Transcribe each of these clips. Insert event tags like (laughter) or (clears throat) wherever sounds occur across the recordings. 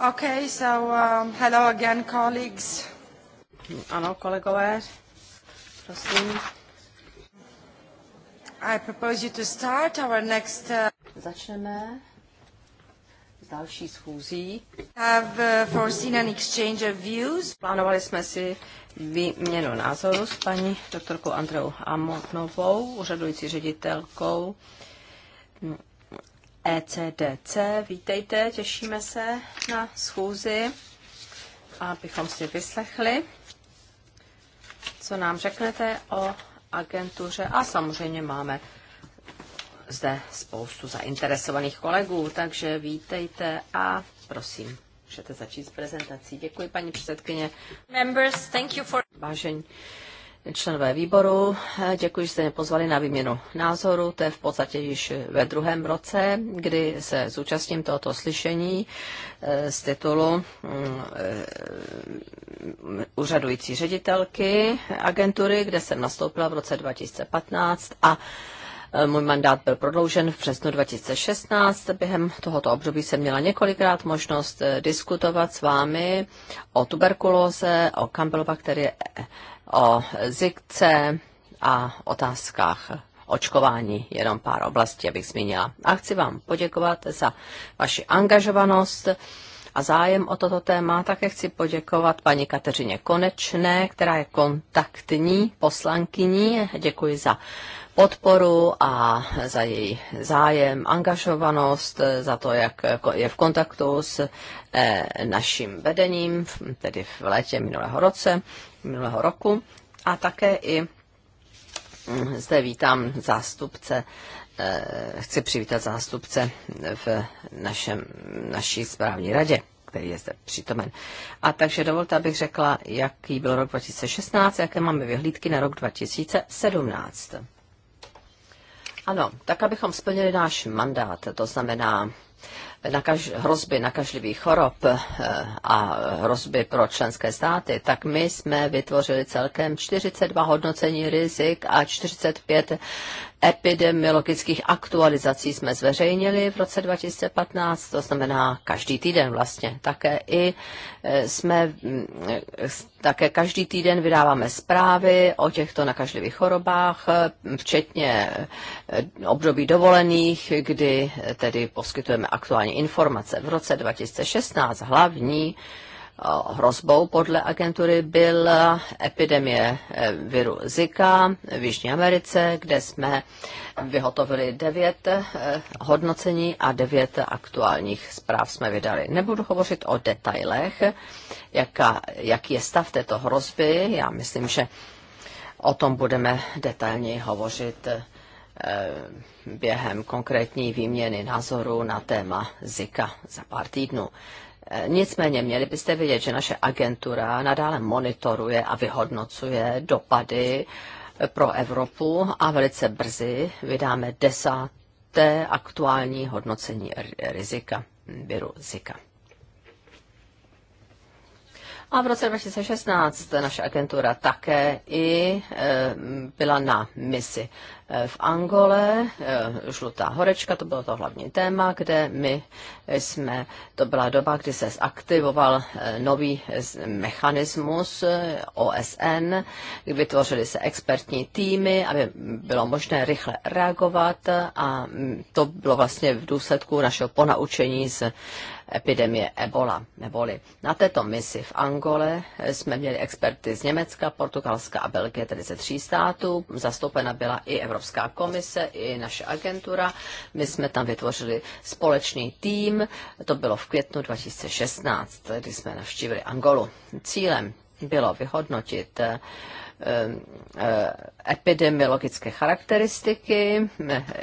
Okay, so um, hello again, colleagues. Ano, kolegové, prosím. I propose you to start our next. Uh, Začneme s další schůzí. Have uh, foreseen an exchange of views. Plánovali jsme si výměnu názoru s paní doktorkou Andreou Amotnovou, úřadující ředitelkou ECDC. Vítejte, těšíme se na schůzi, abychom si vyslechli, co nám řeknete o agentuře a samozřejmě máme zde spoustu zainteresovaných kolegů, takže vítejte a prosím, můžete začít s prezentací. Děkuji, paní předsedkyně. Members, thank you for... Vážení členové výboru. Děkuji, že jste mě pozvali na výměnu názoru. To je v podstatě již ve druhém roce, kdy se zúčastním tohoto slyšení eh, z titulu mm, eh, úřadující ředitelky agentury, kde jsem nastoupila v roce 2015 a eh, můj mandát byl prodloužen v březnu 2016. Během tohoto období jsem měla několikrát možnost diskutovat s vámi o tuberkulóze, o kampylobakterie o zikce a otázkách očkování, jenom pár oblastí, abych zmínila. A chci vám poděkovat za vaši angažovanost a zájem o toto téma. Také chci poděkovat paní Kateřině Konečné, která je kontaktní poslankyní. Děkuji za podporu a za její zájem, angažovanost, za to, jak je v kontaktu s eh, naším vedením, tedy v létě minulého roce, minulého roku. A také i hm, zde vítám zástupce, eh, chci přivítat zástupce v našem, naší správní radě který je zde přítomen. A takže dovolte, abych řekla, jaký byl rok 2016, jaké máme vyhlídky na rok 2017. Ano, tak abychom splnili náš mandát, to znamená nakaž, hrozby nakažlivých chorob eh, a hrozby pro členské státy, tak my jsme vytvořili celkem 42 hodnocení rizik a 45 epidemiologických aktualizací jsme zveřejnili v roce 2015, to znamená každý týden vlastně. Také i e, jsme, e, také každý týden vydáváme zprávy o těchto nakažlivých chorobách, e, včetně období dovolených, kdy tedy poskytujeme aktuální informace. V roce 2016 hlavní hrozbou podle agentury byla epidemie eh, viru Zika v Jižní Americe, kde jsme vyhotovili devět eh, hodnocení a devět aktuálních zpráv jsme vydali. Nebudu hovořit o detailech, jaká, jaký je stav této hrozby. Já myslím, že o tom budeme detailněji hovořit eh, během konkrétní výměny názorů na téma Zika za pár týdnů. Nicméně měli byste vědět, že naše agentura nadále monitoruje a vyhodnocuje dopady eh, pro Evropu a velice brzy vydáme desáté aktuální hodnocení rizika, viru Zika. A v roce 2016 naše agentura také i eh, byla na misi Eh, v Angole, eh, žlutá horečka, to bylo to hlavní téma, kde my jsme, to byla doba, kdy se zaktivoval eh, nový mechanismus OSN, vytvořily se expertní týmy, aby bylo možné rychle reagovat a mm, to bylo vlastně v důsledku našeho ponaučení z epidemie Ebola, neboli na této misi v Angole jsme měli experty z Německa, Portugalska a Belgie, tedy ze tří států. Zastoupena byla i Evropa Evropská komise i naše agentura. My jsme tam vytvořili společný tým, to bylo v květnu 2016, kdy jsme navštívili Angolu. Cílem bylo vyhodnotit Eh, epidemiologické charakteristiky,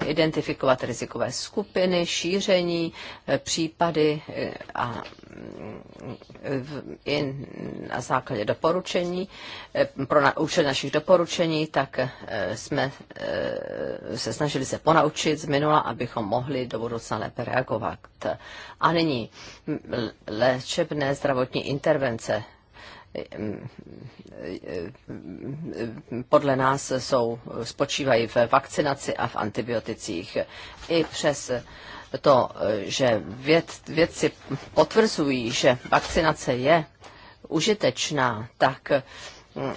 identifikovat rizikové skupiny, šíření, eh, případy eh, a i na základě doporučení, pro na, účel našich doporučení, tak jsme se snažili se ponaučit z minula, abychom mohli do budoucna lépe reagovat. A nyní léčebné zdravotní intervence podle nás jsou, spočívají v vakcinaci a v antibioticích. I přes to, že věd, vědci potvrzují, že vakcinace je užitečná, tak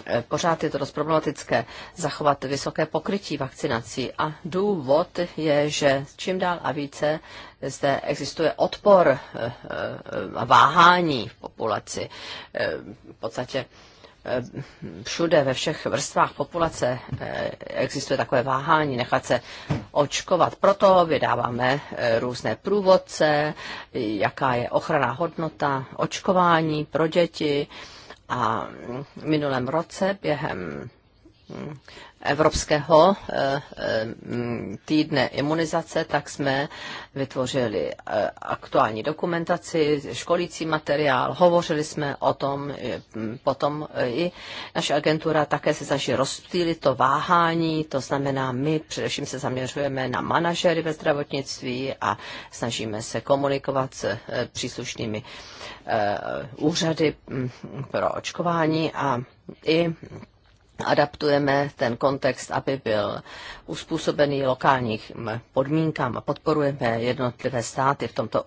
Eh, pořád je to dost problematické zachovat vysoké pokrytí vakcinací. A důvod je, že čím dál a více zde existuje odpor eh, eh, a váhání v populaci. V podstatě všude ve všech vrstvách populace existuje takové váhání nechat se očkovat. Proto vydáváme různé průvodce, jaká je ochranná hodnota očkování pro děti, a v minulém roce během Evropského eh, eh, týdne imunizace, tak jsme vytvořili eh, aktuální dokumentaci, školící materiál, hovořili jsme o tom, potom i naše agentura také se snaží rozptýlit to váhání, to znamená, my především se zaměřujeme na manažery ve zdravotnictví a snažíme se komunikovat s příslušnými úřady mm, pro očkování a i adaptujeme ten kontext, aby byl uspůsobený lokálním podmínkám a podporujeme jednotlivé státy v tomto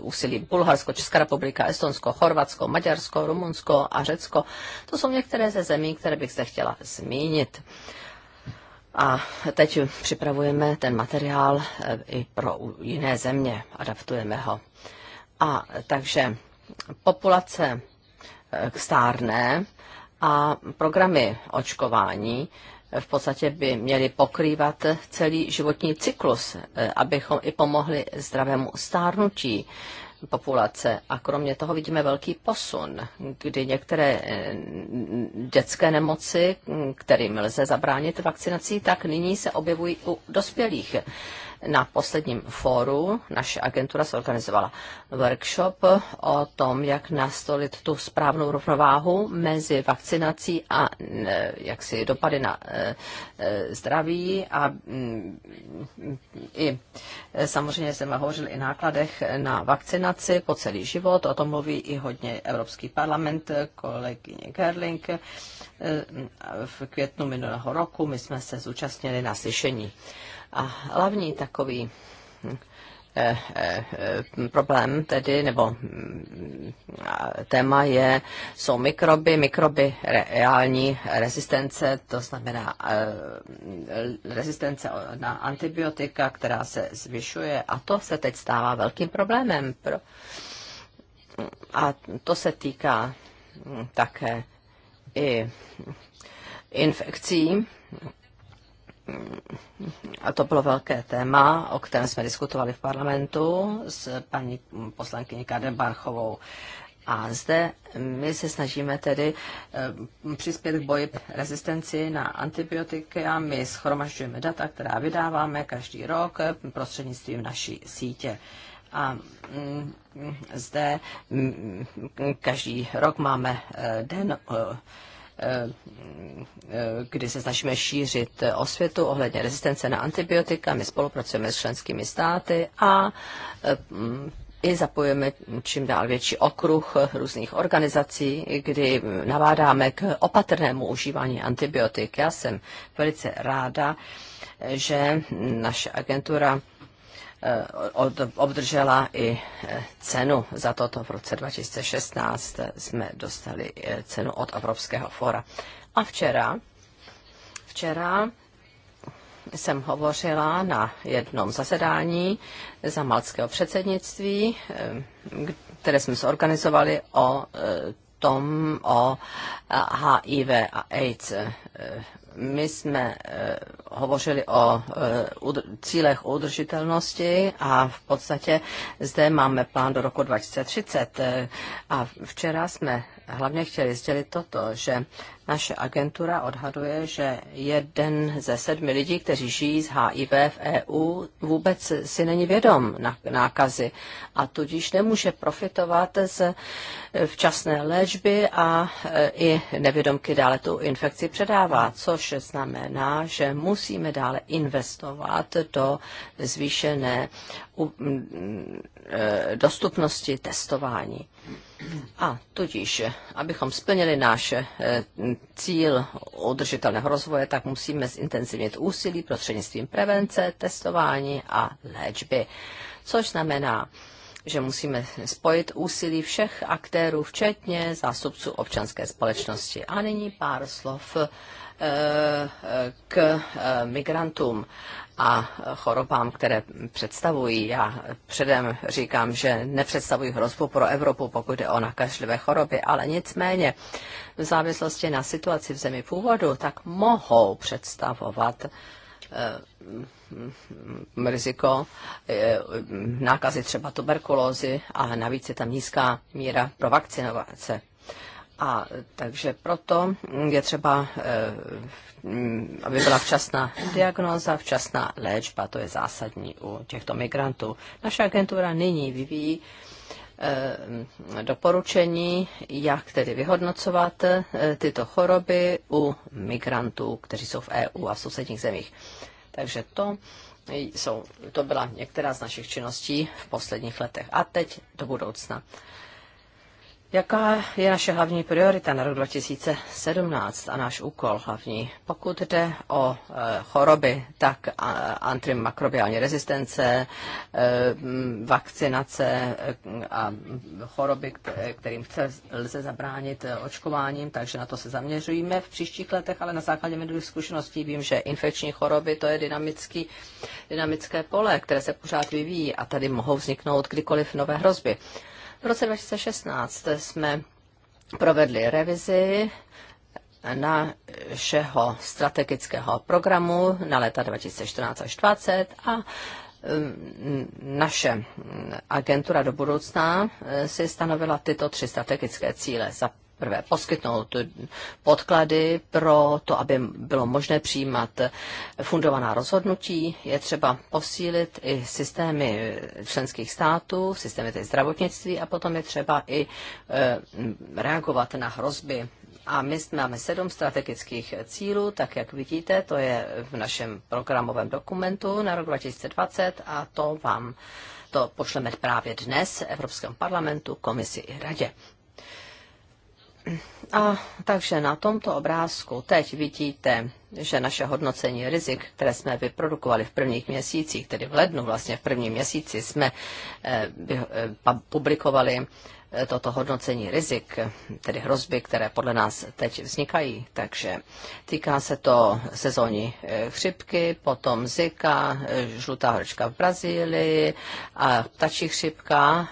úsilí. Bulharsko, Česká republika, Estonsko, Chorvatsko, Maďarsko, Rumunsko a Řecko. To jsou některé ze zemí, které bych se chtěla zmínit. A teď připravujeme ten materiál eh, i pro jiné země, adaptujeme ho. A takže populace eh, stárné, a programy očkování v podstatě by měly pokrývat celý životní cyklus, eh, abychom i pomohli zdravému stárnutí populace. A kromě toho vidíme velký posun, kdy některé eh, dětské nemoci, kterým lze zabránit vakcinací, tak nyní se objevují u dospělých. Na posledním fóru naše agentura organizovala workshop o tom, jak nastolit tu správnou rovnováhu mezi vakcinací a e, jak si dopady na e, e, zdraví a mm, i samozřejmě jsem hovořil i nákladech na vakcinaci po celý život, o tom mluví i hodně Evropský parlament, kolegyně Gerling. V květnu minulého roku my jsme se zúčastnili na slyšení a hlavní takový eh, eh, problém tedy, nebo mm, téma je, jsou mikroby, mikroby reální rezistence, to znamená eh, rezistence na antibiotika, která se zvyšuje a to se teď stává velkým problémem. Pro, a to se týká mm, také i infekcí, a to bylo velké téma, o kterém jsme diskutovali v parlamentu s paní poslankyní Barchovou. A zde my se snažíme tedy eh, přispět k boji rezistenci na antibiotiky a my schromažďujeme data, která vydáváme každý rok eh, prostřednictvím naší sítě. A mm, zde mm, každý rok máme eh, den Eh, eh, kdy se snažíme šířit osvětu ohledně rezistence na antibiotika. My spolupracujeme s členskými státy a eh, i zapojujeme čím dál větší okruh různých organizací, kdy navádáme k opatrnému užívání antibiotik. Já jsem velice ráda, že naše agentura obdržela i cenu za toto. V roce 2016 jsme dostali cenu od Evropského fora. A včera, včera jsem hovořila na jednom zasedání za malckého předsednictví, které jsme zorganizovali o tom o HIV a AIDS my jsme eh, hovořili o eh, cílech udržitelnosti a v podstatě zde máme plán do roku 2030. Eh, a včera jsme hlavně chtěli sdělit toto, že naše agentura odhaduje, že jeden ze sedmi lidí, kteří žijí z HIV v EU, vůbec si není vědom nákazy a tudíž nemůže profitovat z včasné léčby a e, i nevědomky dále tu infekci předává, což znamená, že musíme dále investovat do zvýšené e, dostupnosti testování. A tudíž, abychom splnili náš eh, cíl udržitelného rozvoje, tak musíme zintenzivnit úsilí prostřednictvím prevence, testování a léčby. Což znamená, že musíme spojit úsilí všech aktérů, včetně zástupců občanské společnosti. A nyní pár slov k eh, migrantům a chorobám, které představují. Já předem říkám, že nepředstavují hrozbu pro Evropu, pokud jde o nakažlivé choroby, ale nicméně v závislosti na situaci v zemi původu, tak mohou představovat eh, riziko eh, nákazy třeba tuberkulózy a navíc je tam nízká míra vakcinovace a takže proto je třeba, eh, aby byla včasná diagnóza, včasná léčba, to je zásadní u těchto migrantů. Naše agentura nyní vyvíjí eh, doporučení, jak tedy vyhodnocovat eh, tyto choroby u migrantů, kteří jsou v EU a v sousedních zemích. Takže to, jsou, to byla některá z našich činností v posledních letech. A teď do budoucna. Jaká je naše hlavní priorita na rok 2017 a náš úkol hlavní? Pokud jde o e, choroby, tak antimakrobiální rezistence, e, vakcinace e, a choroby, kterým chce, lze zabránit očkováním, takže na to se zaměřujeme v příštích letech, ale na základě minulých zkušeností vím, že infekční choroby to je dynamický, dynamické pole, které se pořád vyvíjí a tady mohou vzniknout kdykoliv nové hrozby. V roce 2016 jsme provedli revizi našeho strategického programu na léta 2014 až 2020 a mm, naše mm, agentura do budoucna eh, si stanovila tyto tři strategické cíle. Za prvé poskytnout podklady pro to, aby bylo možné přijímat fundovaná rozhodnutí. Je třeba posílit i systémy členských států, systémy té zdravotnictví a potom je třeba i e, reagovat na hrozby a my máme sedm strategických cílů, tak jak vidíte, to je v našem programovém dokumentu na rok 2020 a to vám to pošleme právě dnes Evropskému parlamentu, komisi i radě. A takže na tomto obrázku teď vidíte, že naše hodnocení rizik, které jsme vyprodukovali v prvních měsících, tedy v lednu vlastně v prvním měsíci jsme eh, eh, publikovali Eh, toto hodnocení rizik, tedy hrozby, které podle nás teď vznikají. Takže týká se to sezóní eh, chřipky, potom Zika, eh, žlutá horečka v Brazílii, a ptačí chřipka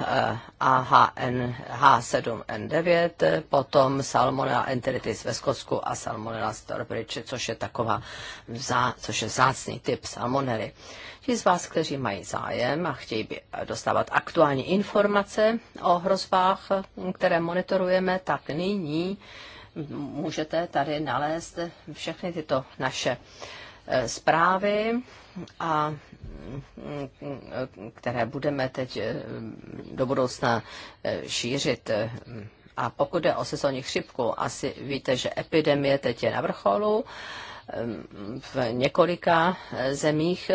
HN, H7N9, potom salmonella enteritis ve Skotsku a salmonella storbriče, což je taková vzá, což je vzácný typ salmonely. Ti z vás, kteří mají zájem a chtějí dostávat aktuální informace o hrozbách, které monitorujeme, tak nyní můžete tady nalézt všechny tyto naše eh, zprávy, a mm, které budeme teď eh, do budoucna eh, šířit a pokud jde o sezónní chřipku, asi víte, že epidemie teď je na vrcholu v několika zemích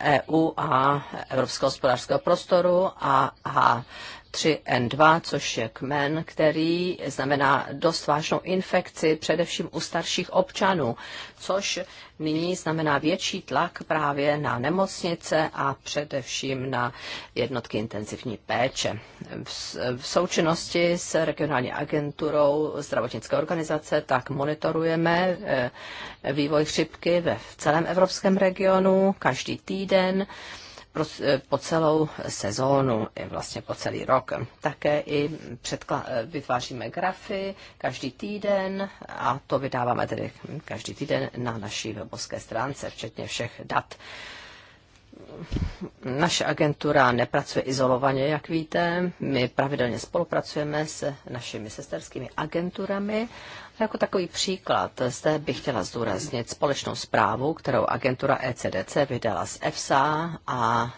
EU e a Evropského hospodářského prostoru a, a H3N2, což je kmen, který znamená dost vážnou infekci, především u starších občanů, což nyní znamená větší tlak právě na nemocnice a především na jednotky intenzivní péče. V součinnosti s regionální agenturou zdravotnické organizace tak monitorujeme eh, vývoj chřipky ve celém evropském regionu každý týden. Eh, po celou sezónu, vlastně po celý rok. Také i eh, vytváříme grafy každý týden a to vydáváme tedy každý týden na naší webovské stránce, včetně všech dat. Naše agentura nepracuje izolovaně, jak víte. My pravidelně spolupracujeme s našimi sesterskými agenturami jako takový příklad zde bych chtěla zdůraznit společnou zprávu, kterou agentura ECDC vydala z EFSA a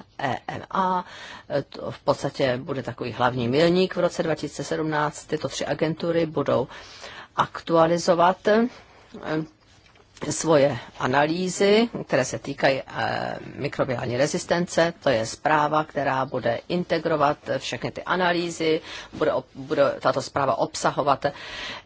EMA. E to v podstatě bude takový hlavní milník v roce 2017. Tyto tři agentury budou aktualizovat svoje analýzy, které se týkají eh, mikrobiální rezistence. To je zpráva, která bude integrovat všechny ty analýzy. Bude, bude tato zpráva obsahovat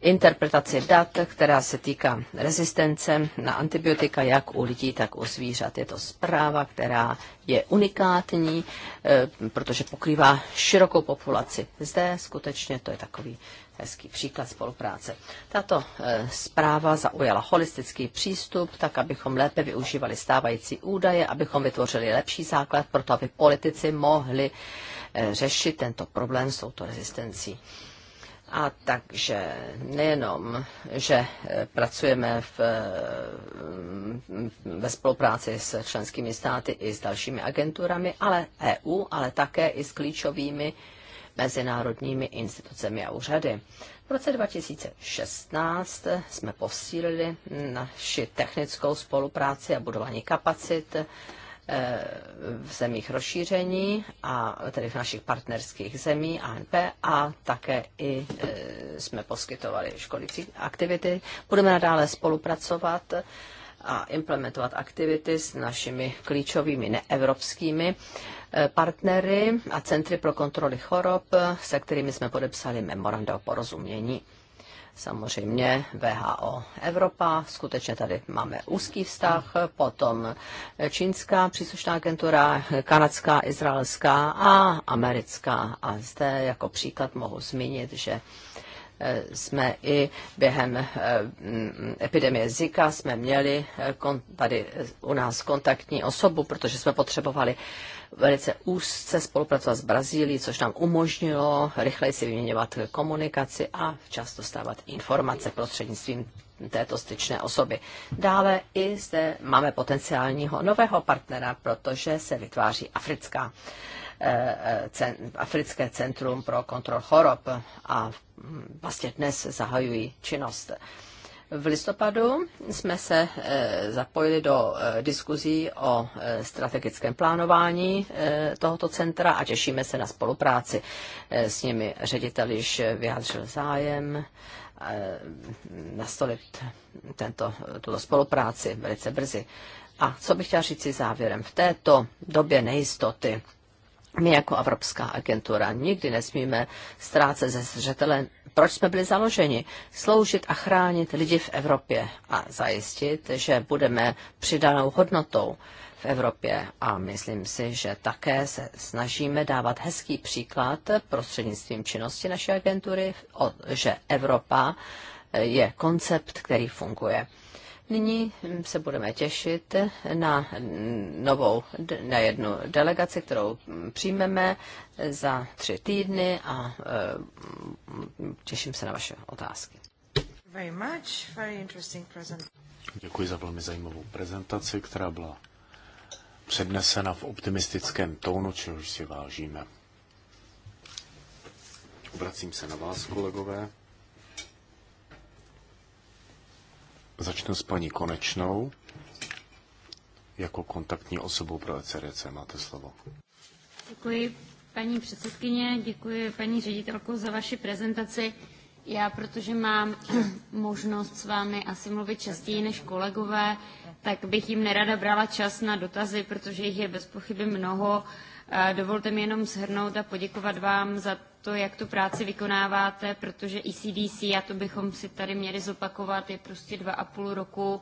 interpretaci dat, která se týká rezistence na antibiotika jak u lidí, tak u zvířat. Je to zpráva, která je unikátní, eh, protože pokrývá širokou populaci. Zde skutečně to je takový hezký příklad spolupráce. Tato eh, zpráva zaujala holistický přístup, tak abychom lépe využívali stávající údaje, abychom vytvořili lepší základ pro to, aby politici mohli eh, řešit tento problém s touto rezistencí. A takže nejenom, že eh, pracujeme v, ve spolupráci s členskými státy i s dalšími agenturami, ale EU, ale také i s klíčovými uh, mezinárodními institucemi a úřady. V roce 2016 jsme posílili naši technickou spolupráci a budování kapacit eh, v zemích rozšíření, a tedy v našich partnerských zemí ANP a také i eh, jsme poskytovali školící aktivity. Budeme nadále spolupracovat a implementovat aktivity s našimi klíčovými neevropskými eh, partnery a Centry pro kontroly chorob, se kterými jsme podepsali memoranda o porozumění. Samozřejmě VHO Evropa, skutečně tady máme úzký vztah, potom čínská příslušná agentura, kanadská, izraelská a americká. A zde jako příklad mohu zmínit, že jsme i během eh, mm, epidemie Zika jsme měli eh, tady eh, u nás kontaktní osobu, protože jsme potřebovali velice úzce spolupracovat s Brazílií, což nám umožnilo rychleji si vyměňovat komunikaci a včas dostávat informace prostřednictvím této styčné osoby. Dále i zde máme potenciálního nového partnera, protože se vytváří africká, eh, cen, africké centrum pro kontrol chorob a vlastně dnes zahajují činnost. V listopadu jsme se eh, zapojili do eh, diskuzí o eh, strategickém plánování tohoto centra a těšíme se na spolupráci. S nimi ředitel již vyjádřil zájem nastolit tento, tuto spolupráci velice brzy. A co bych chtěla říct si závěrem? V této době nejistoty my jako Evropská agentura nikdy nesmíme ztrácet ze zřetele, proč jsme byli založeni. Sloužit a chránit lidi v Evropě a zajistit, že budeme přidanou hodnotou v Evropě. A myslím si, že také se snažíme dávat hezký příklad prostřednictvím činnosti naší agentury, že Evropa je koncept, který funguje. Nyní se budeme těšit na novou, na jednu delegaci, kterou přijmeme za tři týdny a eh, těším se na vaše otázky. Very much, very interesting Děkuji za velmi zajímavou prezentaci, která byla přednesena v optimistickém tónu, čehož si vážíme. Obracím se na vás, kolegové. Začnu s paní Konečnou jako kontaktní osobou pro ECDC. Máte slovo. Děkuji, paní předsedkyně, děkuji, paní ředitelko, za vaši prezentaci. Já, protože mám (clears throat) možnost s vámi asi mluvit častěji než kolegové, tak bych jim nerada brala čas na dotazy, protože jich je bez pochyby mnoho. Uh, Dovolte mi jenom shrnout a poděkovat vám za to, jak tu práci vykonáváte, protože ECDC, a to bychom si tady měli zopakovat, je prostě dva a půl roku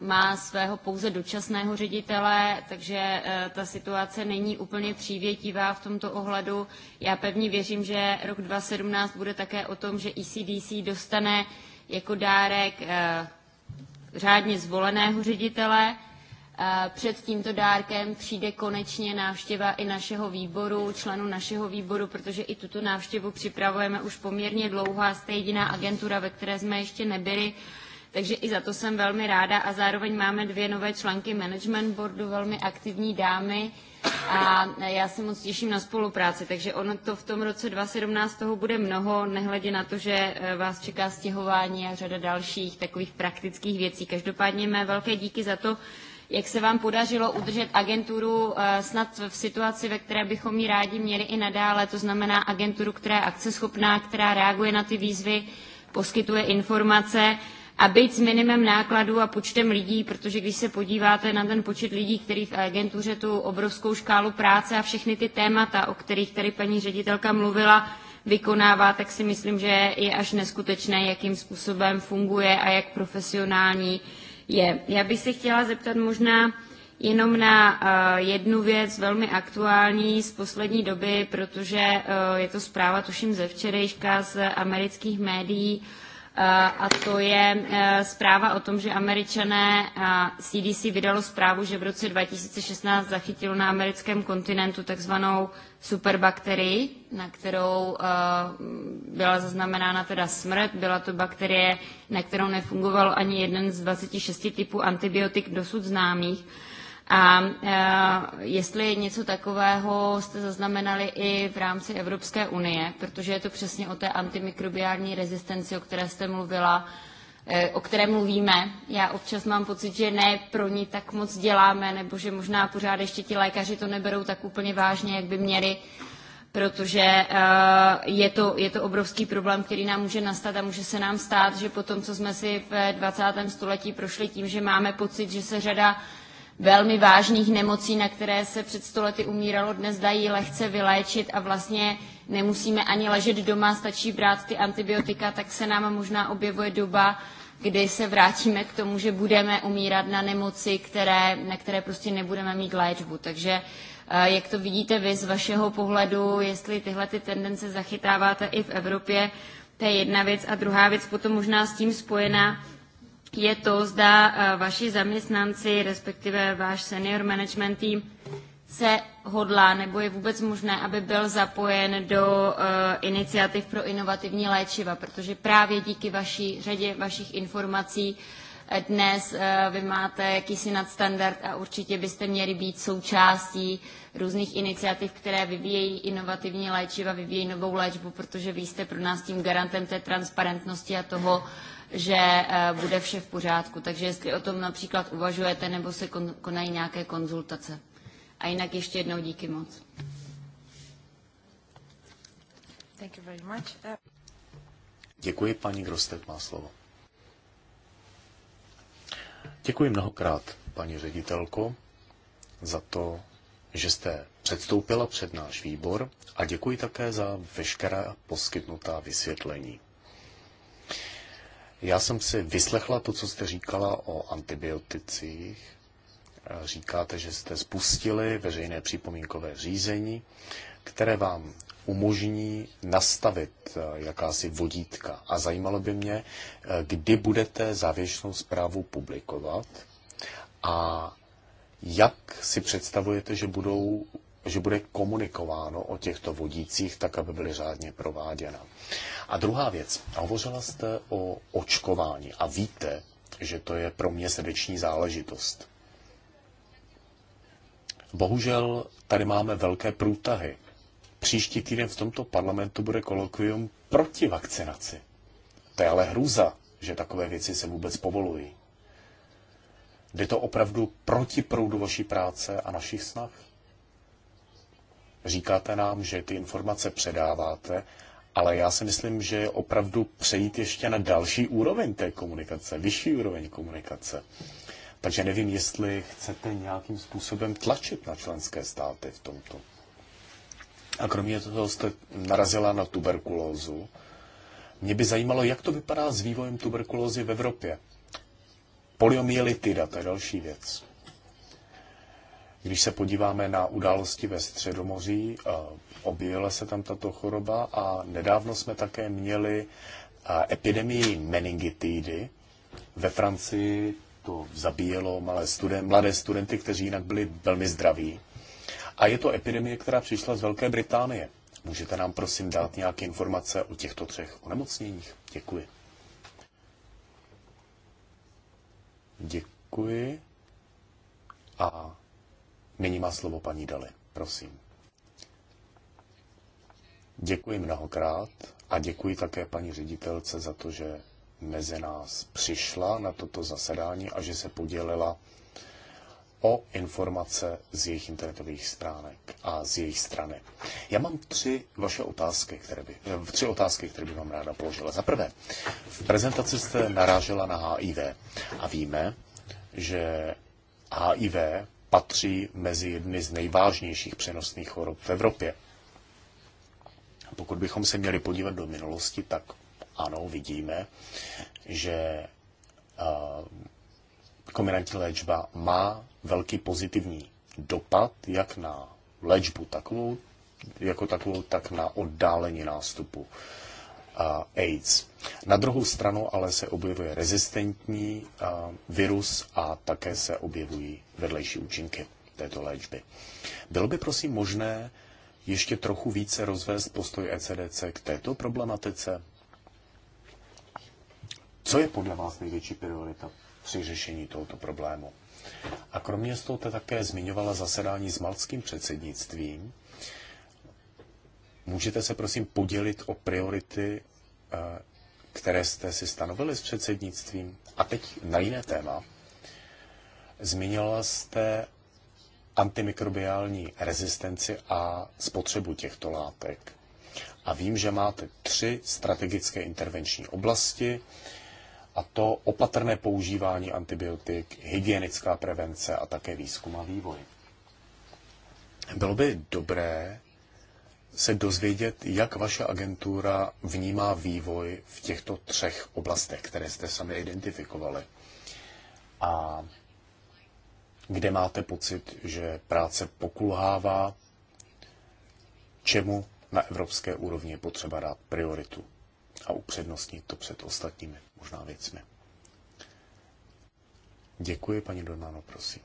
má svého pouze dočasného ředitele, takže e, ta situace není úplně přívětivá v tomto ohledu. Já pevně věřím, že rok 2017 bude také o tom, že ECDC dostane jako dárek e, řádně zvoleného ředitele, před tímto dárkem přijde konečně návštěva i našeho výboru, členů našeho výboru, protože i tuto návštěvu připravujeme už poměrně dlouho a jste jediná agentura, ve které jsme ještě nebyli. Takže i za to jsem velmi ráda a zároveň máme dvě nové členky management boardu, velmi aktivní dámy a já se moc těším na spolupráci. Takže ono to v tom roce 2017 toho bude mnoho, nehledě na to, že e, vás čeká stěhování a řada dalších takových praktických věcí. Každopádně mé velké díky za to, jak se vám podařilo udržet agenturu eh, snad v situaci, ve které bychom ji rádi měli i nadále, to znamená agenturu, která je akceschopná, která reaguje na ty výzvy, poskytuje informace a byť s minimem nákladů a počtem lidí, protože když se podíváte na ten počet lidí, který v agentuře tu obrovskou škálu práce a všechny ty témata, o kterých tady paní ředitelka mluvila, vykonává, tak si myslím, že je až neskutečné, jakým způsobem funguje a jak profesionální uh, je. Já bych se chtěla zeptat možná jenom na eh, jednu věc velmi aktuální z poslední doby, protože eh, je to zpráva, tuším, ze včerejška z amerických médií, Eh, a to je eh, zpráva o tom, že američané CDC vydalo zprávu, že v roce 2016 zachytilo na americkém kontinentu takzvanou superbakterii, na kterou eh, byla zaznamenána teda smrt. Byla to bakterie, na kterou nefungoval ani jeden z 26 typů antibiotik dosud známých. A e, jestli něco takového jste zaznamenali i v rámci Evropské unie, protože je to přesně o té antimikrobiální rezistenci, o které jste mluvila, e, o které mluvíme. Já občas mám pocit, že ne pro ní tak moc děláme, nebo že možná pořád ještě ti lékaři to neberou tak úplně vážně, jak by měli, protože e, je to, je to obrovský problém, který nám může nastat a může se nám stát, že po tom, co jsme si v 20. století prošli tím, že máme pocit, že se řada velmi vážných nemocí, na které se před stolety umíralo, dnes dají lehce vyléčit a vlastně nemusíme ani ležet doma, stačí brát ty antibiotika, tak se nám možná objevuje doba, kdy se vrátíme k tomu, že budeme umírat na nemoci, které, na které prostě nebudeme mít léčbu. Takže eh, jak to vidíte vy z vašeho pohledu, jestli tyhle ty tendence zachytáváte i v Evropě, to je jedna věc. A druhá věc potom možná s tím spojená, je to, zda eh, vaši zaměstnanci, respektive váš senior management tým, se hodlá nebo je vůbec možné, aby byl zapojen do eh, iniciativ pro inovativní léčiva, protože právě díky vaší řadě vašich informací eh, dnes vy máte jakýsi nadstandard a určitě byste měli být součástí různých iniciativ, které vyvíjejí inovativní léčiva, vyvíjejí novou léčbu, protože vy jste pro nás tím garantem té transparentnosti a toho, že eh, bude vše v pořádku. Takže jestli o tom například uvažujete, nebo se konají nějaké konzultace. A jinak ještě jednou díky moc. Thank you very much. Eh, děkuji, paní Grostek má slovo. Děkuji mnohokrát, paní ředitelko, za to, že jste předstoupila před náš výbor a děkuji také za veškerá poskytnutá vysvětlení. Já jsem si vyslechla to, co jste říkala o antibioticích. Říkáte, že jste spustili veřejné připomínkové řízení, které vám umožní nastavit eh, jakási vodítka. A zajímalo by mě, eh, kdy budete závěrečnou zprávu publikovat a jak si představujete, že, budou, že bude komunikováno o těchto vodících, tak aby byly řádně prováděna. A druhá věc, hovořila jste o očkování a víte, že to je pro mě srdeční záležitost. Bohužel tady máme velké průtahy. Příští týden v tomto parlamentu bude kolokvium proti vakcinaci. To je ale hrůza, že takové věci se vůbec povolují. Jde to opravdu proti proudu vaší práce a našich snah? Říkáte nám, že ty informace předáváte, ale já si myslím, že je opravdu přejít ještě na další úroveň té komunikace, vyšší úroveň komunikace. Takže nevím, jestli chcete nějakým způsobem tlačit na členské státy v tomto. A kromě toho jste narazila na tuberkulózu. Mě by zajímalo, jak to vypadá s vývojem tuberkulózy v Evropě. Poliomielitida, to je další věc. Když se podíváme na události ve Středomoří, eh, objevila se tam tato choroba a nedávno jsme také měli eh, epidemii meningitidy. Ve Francii to zabíjelo malé studen- mladé studenty, kteří jinak byli velmi zdraví. A je to epidemie, která přišla z Velké Británie. Můžete nám prosím dát nějaké informace o těchto třech onemocněních? Děkuji. Děkuji. A Nyní má slovo paní Dali, prosím. Děkuji mnohokrát a děkuji také paní ředitelce za to, že mezi nás přišla na toto zasedání a že se podělila o informace z jejich internetových stránek a z jejich strany. Já mám tři vaše otázky, které by, eh, tři otázky, které bych vám ráda položila. Za prvé, v prezentaci jste narážela na HIV a víme, že HIV patří mezi jedny z nejvážnějších přenosných chorob v Evropě. Pokud bychom se měli podívat do minulosti, tak ano, vidíme, že kombinantní léčba má velký pozitivní dopad jak na léčbu takovou, jako takovou, tak na oddálení nástupu AIDS. Na druhou stranu ale se objevuje rezistentní virus a také se objevují vedlejší účinky této léčby. Bylo by prosím možné ještě trochu více rozvést postoj ECDC k této problematice? Co je podle vás největší priorita při řešení tohoto problému? A kromě toho jste také zmiňovala zasedání s malckým předsednictvím. Můžete se prosím podělit o priority, eh, které jste si stanovili s předsednictvím? A teď na jiné téma. Zmínila jste antimikrobiální rezistenci a spotřebu těchto látek. A vím, že máte tři strategické intervenční oblasti, a to opatrné používání antibiotik, hygienická prevence a také výzkum a vývoj. Bylo by dobré se dozvědět, jak vaše agentura vnímá vývoj v těchto třech oblastech, které jste sami identifikovali. A kde máte pocit, že práce pokulhává, čemu na evropské úrovni je potřeba dát prioritu a upřednostnit to před ostatními možná věcmi. Děkuji, paní Dornáno, prosím.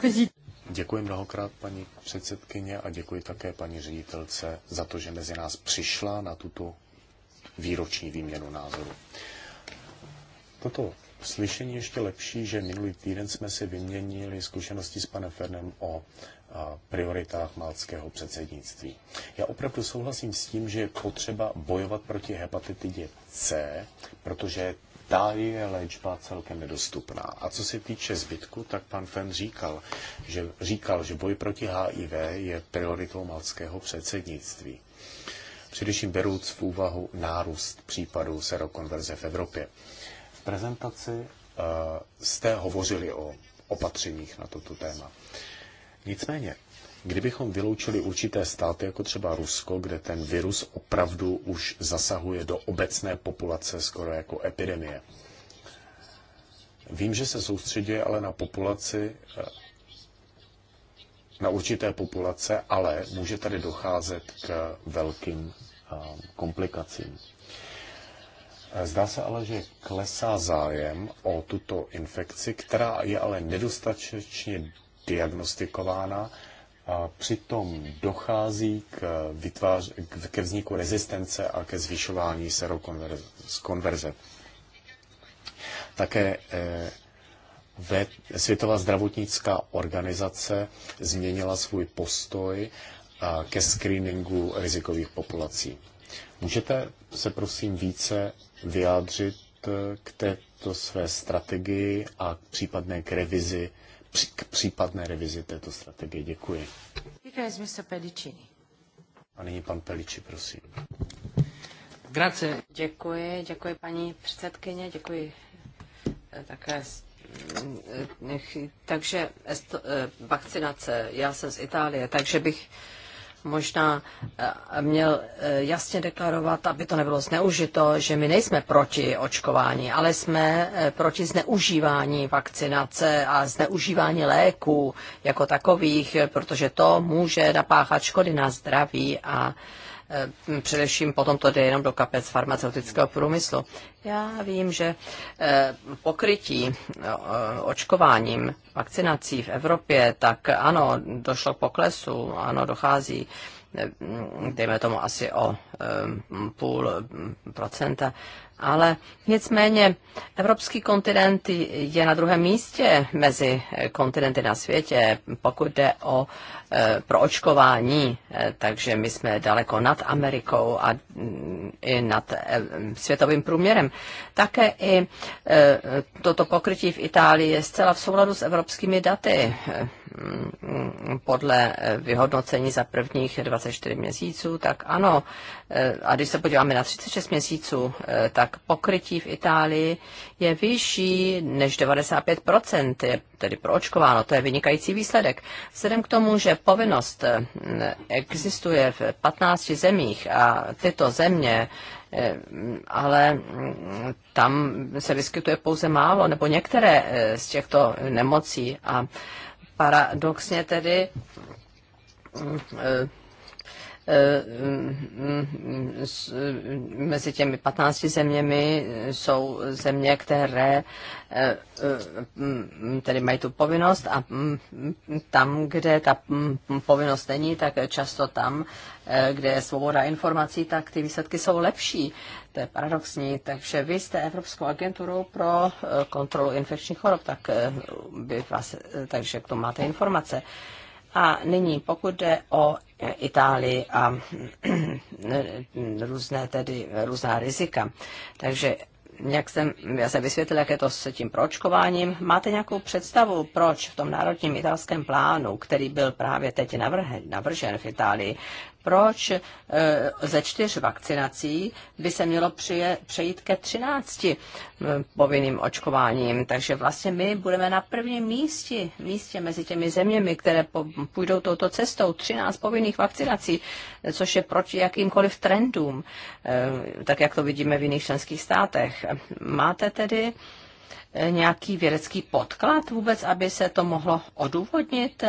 Prezident. Děkuji mnohokrát paní předsedkyně a děkuji také paní ředitelce za to, že mezi nás přišla na tuto výroční výměnu názoru. Toto slyšení ještě lepší, že minulý týden jsme si vyměnili zkušenosti s panem Fernem o prioritách malckého předsednictví. Já opravdu souhlasím s tím, že je potřeba bojovat proti hepatitidě C, protože Tady je léčba celkem nedostupná. A co se týče zbytku, tak pan Fenn říkal, že, říkal, že boj proti HIV je prioritou malského předsednictví. Především berouc v úvahu nárůst případů serokonverze v Evropě. V prezentaci uh, jste hovořili o opatřeních na toto téma. Nicméně Kdybychom vyloučili určité státy, jako třeba Rusko, kde ten virus opravdu už zasahuje do obecné populace skoro jako epidemie. Vím, že se soustředuje ale na populaci, eh, na určité populace, ale může tady docházet k velkým eh, komplikacím. Eh, zdá se ale, že klesá zájem o tuto infekci, která je ale nedostatečně diagnostikována a přitom dochází k, vytvář, ke vzniku rezistence a ke zvyšování serokonverze. Konverze. Také eh, ve, Světová zdravotnická organizace změnila svůj postoj eh, ke screeningu rizikových populací. Můžete se prosím více vyjádřit eh, k této své strategii a případné k revizi k případné revizi této strategie. Děkuji. A nyní pan Peliči, prosím. Grazie. Děkuji, děkuji paní předsedkyně, děkuji eh, také eh, takže eh, vakcinace, já jsem z Itálie, takže bych možná eh, měl eh, jasně deklarovat, aby to nebylo zneužito, že my nejsme proti očkování, ale jsme eh, proti zneužívání vakcinace a zneužívání léků jako takových, protože to může napáchat škody na zdraví a Eh, mm, především potom to jde jenom do kapec farmaceutického průmyslu. Já vím, že eh, pokrytí eh, očkováním, vakcinací v Evropě, tak ano, došlo k poklesu, ano, dochází dejme tomu asi o půl mm, procenta. Ale nicméně evropský kontinent je na druhém místě mezi kontinenty na světě, pokud jde o Eh, pro očkování, eh, takže my jsme daleko nad Amerikou a mm, i nad eh, světovým průměrem. Také i toto pokrytí v Itálii je zcela v souladu s evropskými daty mm, podle vyhodnocení za prvních 24 měsíců, tak ano. A když se podíváme na 36 měsíců, tak pokrytí v Itálii je vyšší než 95%, je tedy proočkováno. To je vynikající výsledek. Vzhledem k tomu, že povinnost eh, existuje v 15 zemích a tyto země eh, ale mm, tam se vyskytuje pouze málo nebo některé eh, z těchto nemocí a paradoxně tedy mm, Eh, mm, mm, mm, mezi těmi 15 zeměmi jsou země, které eh, eh, tedy mají tu povinnost a tam, kde ta povinnost není, tak často tam, kde je svoboda informací, tak ty výsledky jsou lepší. To je paradoxní. Takže vy jste Evropskou agenturu pro kontrolu infekčních chorob, tak, by vás, takže k tomu máte informace. A nyní, pokud jde o Itálii a (clears throat) různé tedy, různá rizika. Takže jak jsem, já jsem vysvětlil, jak je to s tím pročkováním. Máte nějakou představu, proč v tom národním italském plánu, který byl právě teď navržen v Itálii, proč eh, ze čtyř vakcinací by se mělo přejít ke třinácti eh, povinným očkováním. Takže vlastně my budeme na prvním místě, místě mezi těmi zeměmi, které půjdou touto cestou, 13 povinných vakcinací, což je proti jakýmkoliv trendům, eh, tak jak to vidíme v jiných členských státech. Máte tedy nějaký vědecký podklad vůbec, aby se to mohlo odůvodnit?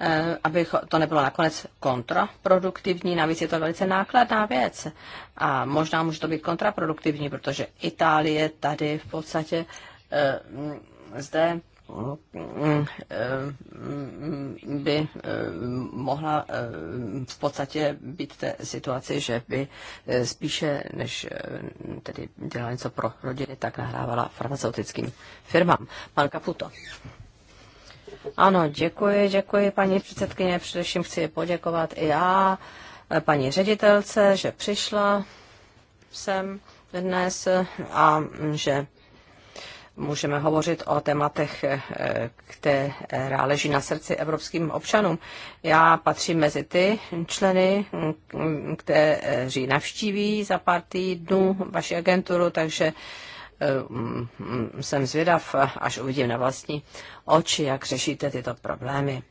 Eh, aby to nebylo nakonec kontraproduktivní. Navíc je to velice nákladná věc a možná může to být kontraproduktivní, protože Itálie tady v podstatě eh, zde eh, by mohla v podstatě být v té situaci, že by spíše než tedy dělala něco pro rodiny, tak nahrávala farmaceutickým firmám. Pan Caputo. Ano, děkuji, děkuji paní předsedkyně. Především chci poděkovat i já eh, paní ředitelce, že přišla sem dnes a mm, že můžeme hovořit o tématech, eh, které leží na srdci evropským občanům. Já patřím mezi ty členy, mm, kteří eh, navštíví za pár týdnů vaši agenturu, takže Eh, mm, mm, jsem zvědav, až uvidím na vlastní oči, jak řešíte tyto problémy.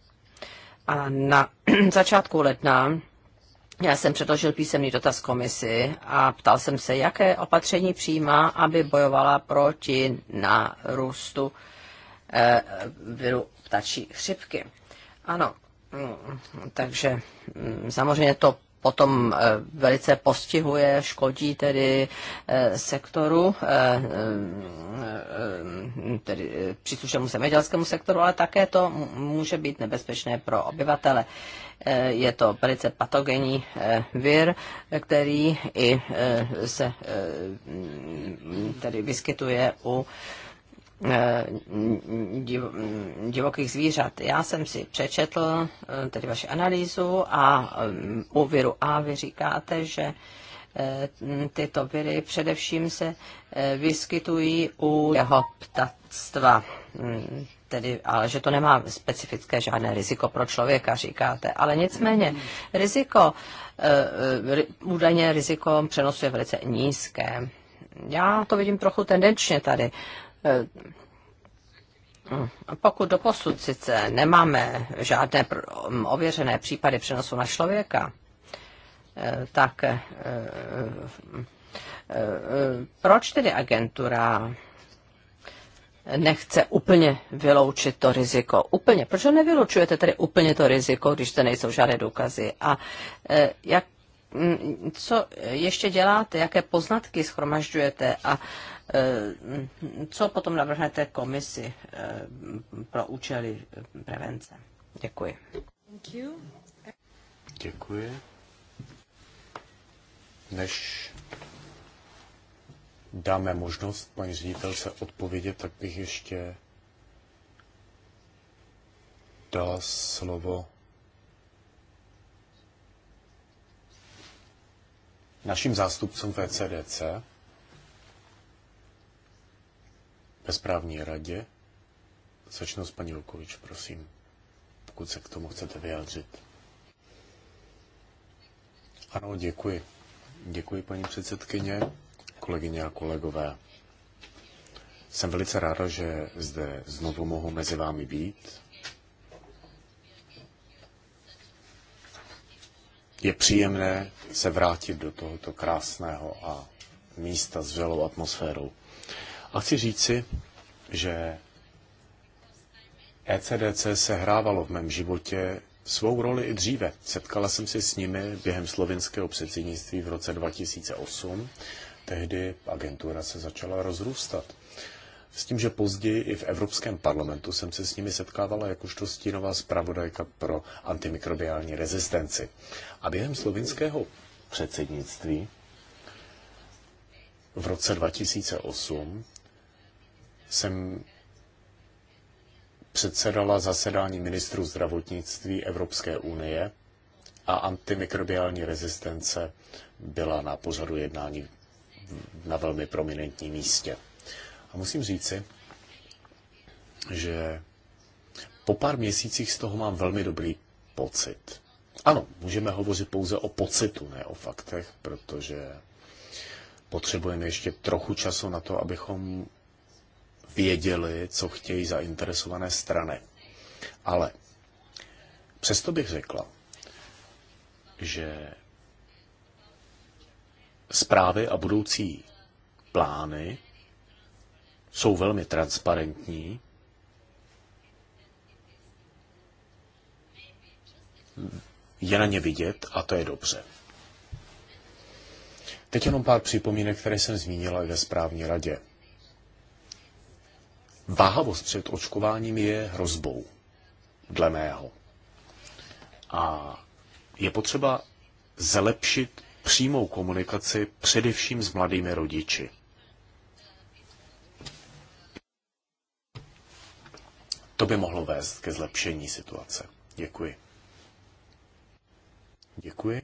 A na (clears throat) začátku ledna já jsem předložil písemný dotaz komisi a ptal jsem se, jaké opatření přijímá, aby bojovala proti nárůstu eh, viru ptačí chřipky. Ano, mm, takže samozřejmě to potom eh, velice postihuje, škodí tedy eh, sektoru, eh, tedy příslušnému zemědělskému sektoru, ale také to může být nebezpečné pro obyvatele. Je to velice patogenní vir, který i se tedy vyskytuje u Eh, div, divokých zvířat. Já jsem si přečetl eh, tedy vaši analýzu a eh, u viru A vy říkáte, že tyto viry především se vyskytují u jeho ptactva, hmm, tedy, ale že to nemá specifické žádné riziko pro člověka, říkáte. Ale nicméně riziko, údajně riziko přenosu je velice nízké. Já to vidím trochu tendenčně tady, Eh, pokud do posud sice nemáme žádné ověřené případy přenosu na člověka, eh, tak eh, proč tedy agentura nechce úplně vyloučit to riziko. Úplně. Proč ho nevyloučujete tedy úplně to riziko, když to nejsou žádné důkazy? A jak, mm, co ještě děláte? Jaké poznatky schromažďujete? A Eh, co potom navrhnete komisi eh, pro účely prevence? Děkuji. Děkuji. Než dáme možnost paní ředitelce odpovědět, tak bych ještě dal slovo našim zástupcům VCDC. E ve správní radě. Začnu s paní Lukovič, prosím, pokud se k tomu chcete vyjádřit. Ano, děkuji. Děkuji, paní předsedkyně, kolegyně a kolegové. Jsem velice ráda, že zde znovu mohu mezi vámi být. Je příjemné se vrátit do tohoto krásného a místa s želou atmosférou. A chci říci, že ECDC se hrávalo v mém životě svou roli i dříve. Setkala jsem se s nimi během slovinského předsednictví v roce 2008. Tehdy agentura se začala rozrůstat. S tím, že později i v Evropském parlamentu jsem se s nimi setkávala jakožto stínová zpravodajka pro antimikrobiální rezistenci. A během slovinského předsednictví v roce 2008 jsem předsedala zasedání ministrů zdravotnictví Evropské unie a antimikrobiální rezistence byla na pořadu jednání na velmi prominentním místě. A musím říci, že po pár měsících z toho mám velmi dobrý pocit. Ano, můžeme hovořit pouze o pocitu, ne o faktech, protože potřebujeme ještě trochu času na to, abychom věděli, co chtějí zainteresované strany. Ale přesto bych řekla, že zprávy a budoucí plány jsou velmi transparentní. Je na ně vidět a to je dobře. Teď jenom pár připomínek, které jsem zmínila i ve správní radě váhavost před očkováním je hrozbou, dle mého. A je potřeba zlepšit přímou komunikaci především s mladými rodiči. To by mohlo vést ke zlepšení situace. Děkuji. Děkuji.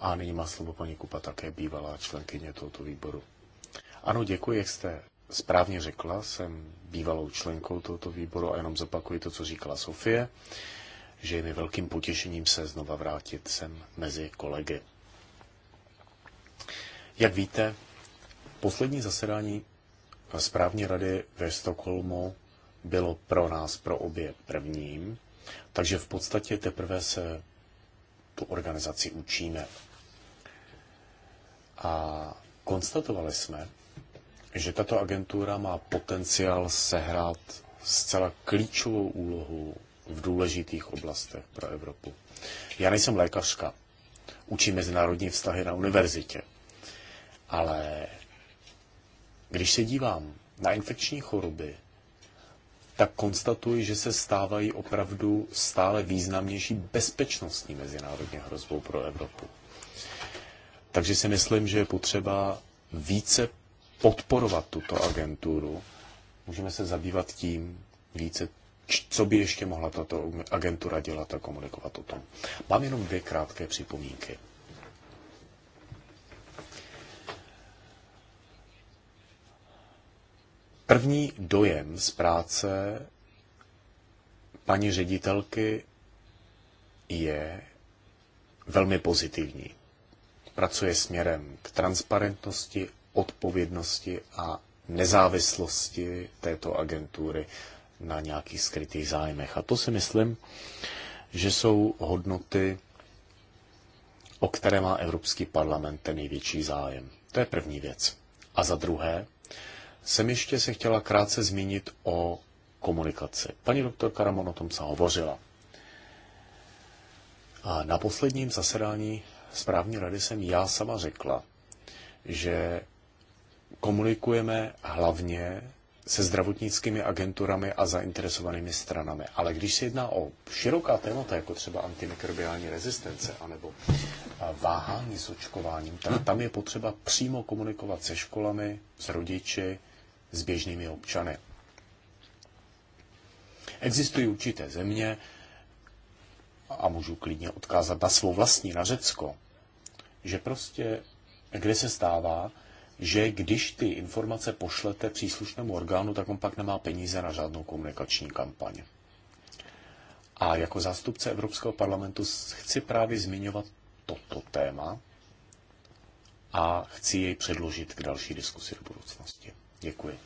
A nyní má slovo paní Kupa, také bývalá členkyně tohoto výboru. Ano, děkuji, jak jste správně řekla. Jsem bývalou členkou tohoto výboru a jenom zopakuji to, co říkala Sofie, že je mi velkým potěšením se znova vrátit sem mezi kolegy. Jak víte, poslední zasedání správní rady ve Stockholmu bylo pro nás, pro obě prvním, takže v podstatě teprve se tu organizaci učíme. A konstatovali jsme, že tato agentura má potenciál sehrát zcela klíčovou úlohu v důležitých oblastech pro Evropu. Já nejsem lékařka, učím mezinárodní vztahy na univerzitě, ale když se dívám na infekční choroby, tak konstatuji, že se stávají opravdu stále významnější bezpečnostní mezinárodní hrozbou pro Evropu. Takže si myslím, že je potřeba více podporovat tuto agenturu. Můžeme se zabývat tím více, co by ještě mohla tato agentura dělat a komunikovat o tom. Mám jenom dvě krátké připomínky. První dojem z práce paní ředitelky je velmi pozitivní. Pracuje směrem k transparentnosti odpovědnosti a nezávislosti této agentury na nějakých skrytých zájmech. A to si myslím, že jsou hodnoty, o které má Evropský parlament ten největší zájem. To je první věc. A za druhé, jsem ještě se chtěla krátce zmínit o komunikaci. Paní doktor Karamon o tom se hovořila. A na posledním zasedání správní rady jsem já sama řekla, že komunikujeme hlavně se zdravotnickými agenturami a zainteresovanými stranami. Ale když se jedná o široká témata, jako třeba antimikrobiální rezistence anebo váhání s očkováním, tak hmm. tam je potřeba přímo komunikovat se školami, s rodiči, s běžnými občany. Existují určité země, a můžu klidně odkázat na svou vlastní, na Řecko, že prostě, kde se stává, že když ty informace pošlete příslušnému orgánu, tak on pak nemá peníze na žádnou komunikační kampaň. A jako zástupce Evropského parlamentu chci právě zmiňovat toto téma a chci jej předložit k další diskusi do budoucnosti. Děkuji.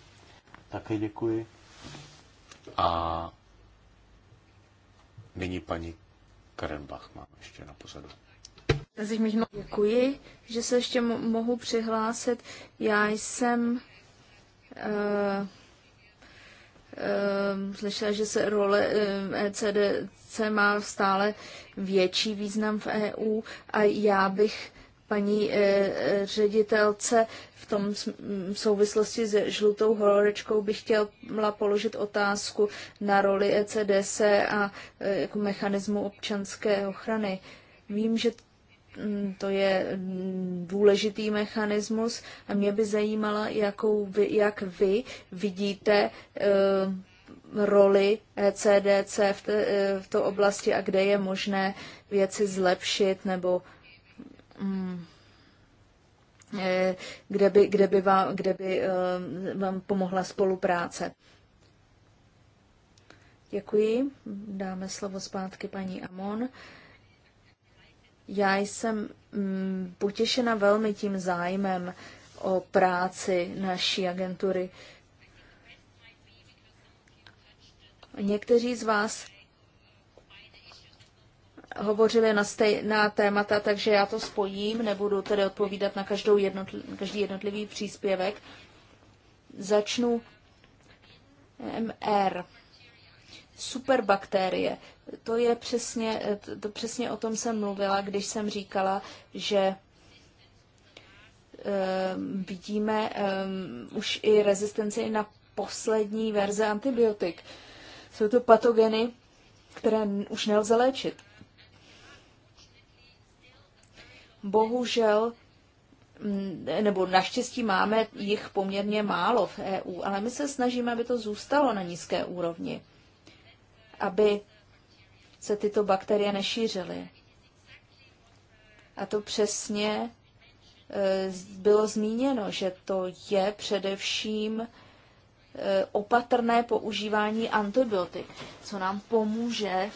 Také děkuji. A nyní paní Karen Bach má ještě na pozadu. Děkuji, že se ještě mohu přihlásit. Já jsem uh, uh, slyšela, že se role uh, eh, ECDC má stále větší význam v EU a já bych paní uh, ředitelce v tom souvislosti se žlutou horečkou bych chtěla položit otázku na roli ECDC a uh, jako mechanismu občanské ochrany. Vím, že Mm, to je mm, důležitý mechanismus a mě by zajímala, jakou vy, jak vy vidíte uh, roli ECDC v té eh, v to oblasti a kde je možné věci zlepšit nebo um, kde by, kde by, vám, kde by uh, vám pomohla spolupráce. Děkuji. Dáme slovo zpátky paní Amon. Já jsem mm, potěšena velmi tím zájmem o práci naší agentury. Někteří z vás hovořili na na témata, takže já to spojím, nebudu tedy odpovídat na každou jednotl, každý jednotlivý příspěvek. Začnu MR superbakterie. To je přesně, to, přesně o tom jsem mluvila, když jsem říkala, že e, vidíme e, už i rezistenci na poslední verze antibiotik. Jsou to patogeny, které už nelze léčit. Bohužel mm, nebo naštěstí máme jich poměrně málo v EU, ale my se snažíme, aby to zůstalo na nízké úrovni aby se tyto bakterie nešířily. A to přesně e, bylo zmíněno, že to je především e, opatrné používání antibiotik, co nám pomůže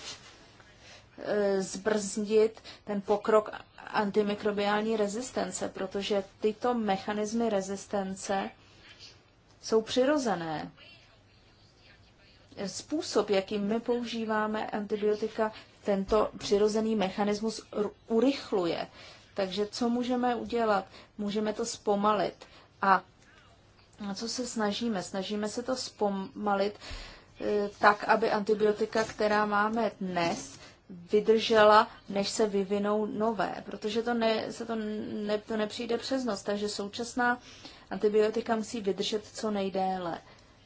e, zbrzdit ten pokrok antimikrobiální rezistence, protože tyto mechanismy rezistence jsou přirozené způsob, jakým my používáme antibiotika, tento přirozený mechanismus urychluje. Takže co můžeme udělat? Můžeme to zpomalit. A co se snažíme? Snažíme se to zpomalit e, tak, aby antibiotika, která máme dnes, vydržela, než se vyvinou nové, protože to, ne, se to, ne, to nepřijde přes noc, takže současná antibiotika musí vydržet co nejdéle.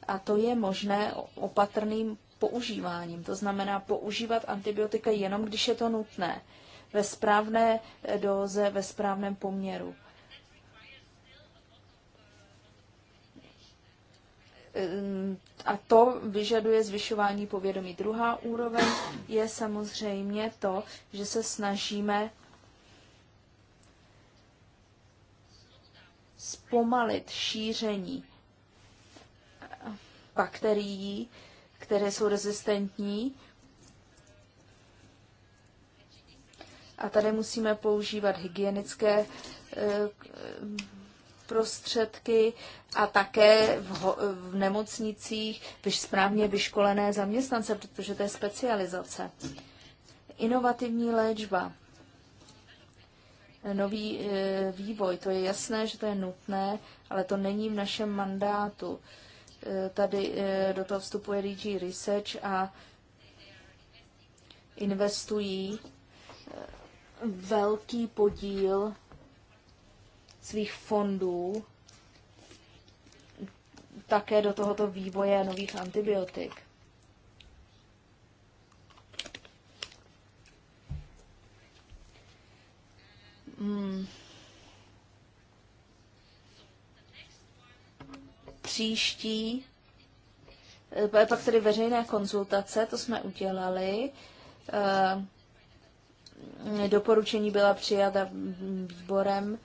A to je možné opatrným používáním. To znamená používat antibiotika jenom, když je to nutné, ve správné doze, ve správném poměru. A to vyžaduje zvyšování povědomí. Druhá úroveň je samozřejmě to, že se snažíme zpomalit šíření bakterií, které jsou rezistentní. A tady musíme používat hygienické eh, prostředky a také v, ho, v nemocnicích vyš, správně vyškolené zaměstnance, protože to je specializace. Inovativní léčba, nový e, vývoj, to je jasné, že to je nutné, ale to není v našem mandátu. E, Eh, tady eh, do toho vstupuje DG Research a investují eh, velký podíl svých fondů také do tohoto vývoje nových antibiotik. Hmm. příští, eh, pak tedy veřejné konzultace, to jsme udělali. Eh, doporučení byla přijata výborem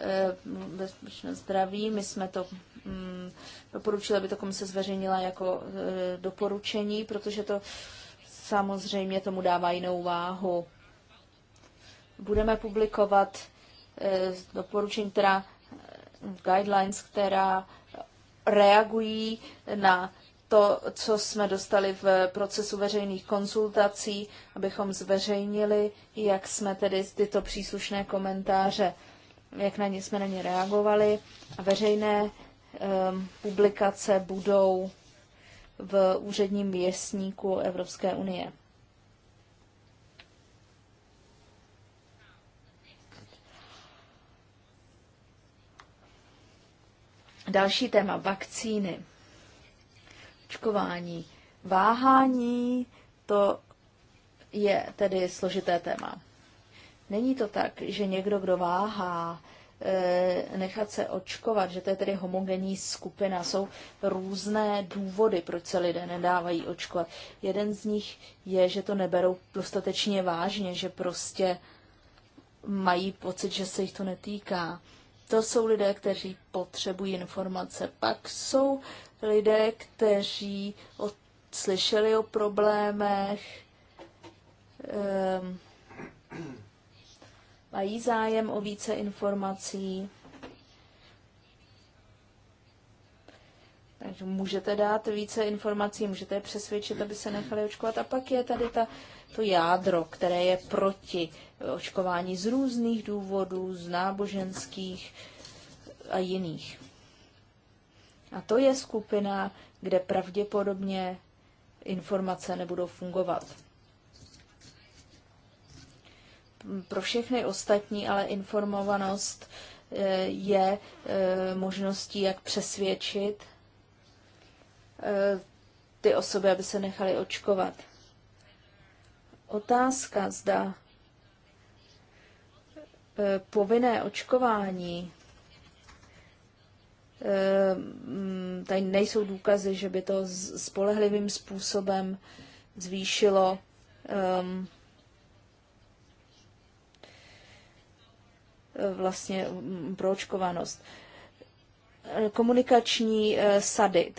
eh, bezpečnost zdraví. My jsme to mm, doporučili, aby to komise zveřejnila jako doporučení, protože to samozřejmě tomu dává jinou váhu. Budeme publikovat doporučení, která guidelines, která reagují na to, co jsme dostali v procesu veřejných konzultací, abychom zveřejnili, jak jsme tedy tyto příslušné komentáře, jak na ně jsme na ně reagovali. A veřejné um, publikace budou v úředním věstníku Evropské unie. Další téma, vakcíny. Očkování. Váhání, to je tedy složité téma. Není to tak, že někdo, kdo váhá, eh, nechat se očkovat, že to je tedy homogenní skupina. Jsou různé důvody, proč se lidé nedávají očkovat. Jeden z nich je, že to neberou dostatečně vážně, že prostě mají pocit, že se jich to netýká. To jsou lidé, kteří potřebují informace. Pak jsou lidé, kteří slyšeli o problémech, um, mají zájem o více informací. Takže můžete dát více informací, můžete je přesvědčit, aby se nechali očkovat. A pak je tady ta, to jádro, které je proti očkování z různých důvodů, z náboženských a jiných. A to je skupina, kde pravděpodobně informace nebudou fungovat. Pro všechny ostatní ale informovanost eh, je eh, možností, jak přesvědčit eh, ty osoby, aby se nechali očkovat. Otázka, zda Eh, povinné očkování, eh, mm, tady nejsou důkazy, že by to spolehlivým způsobem zvýšilo ehm, eh, vlastně mm, proočkovanost. Komunikační sady,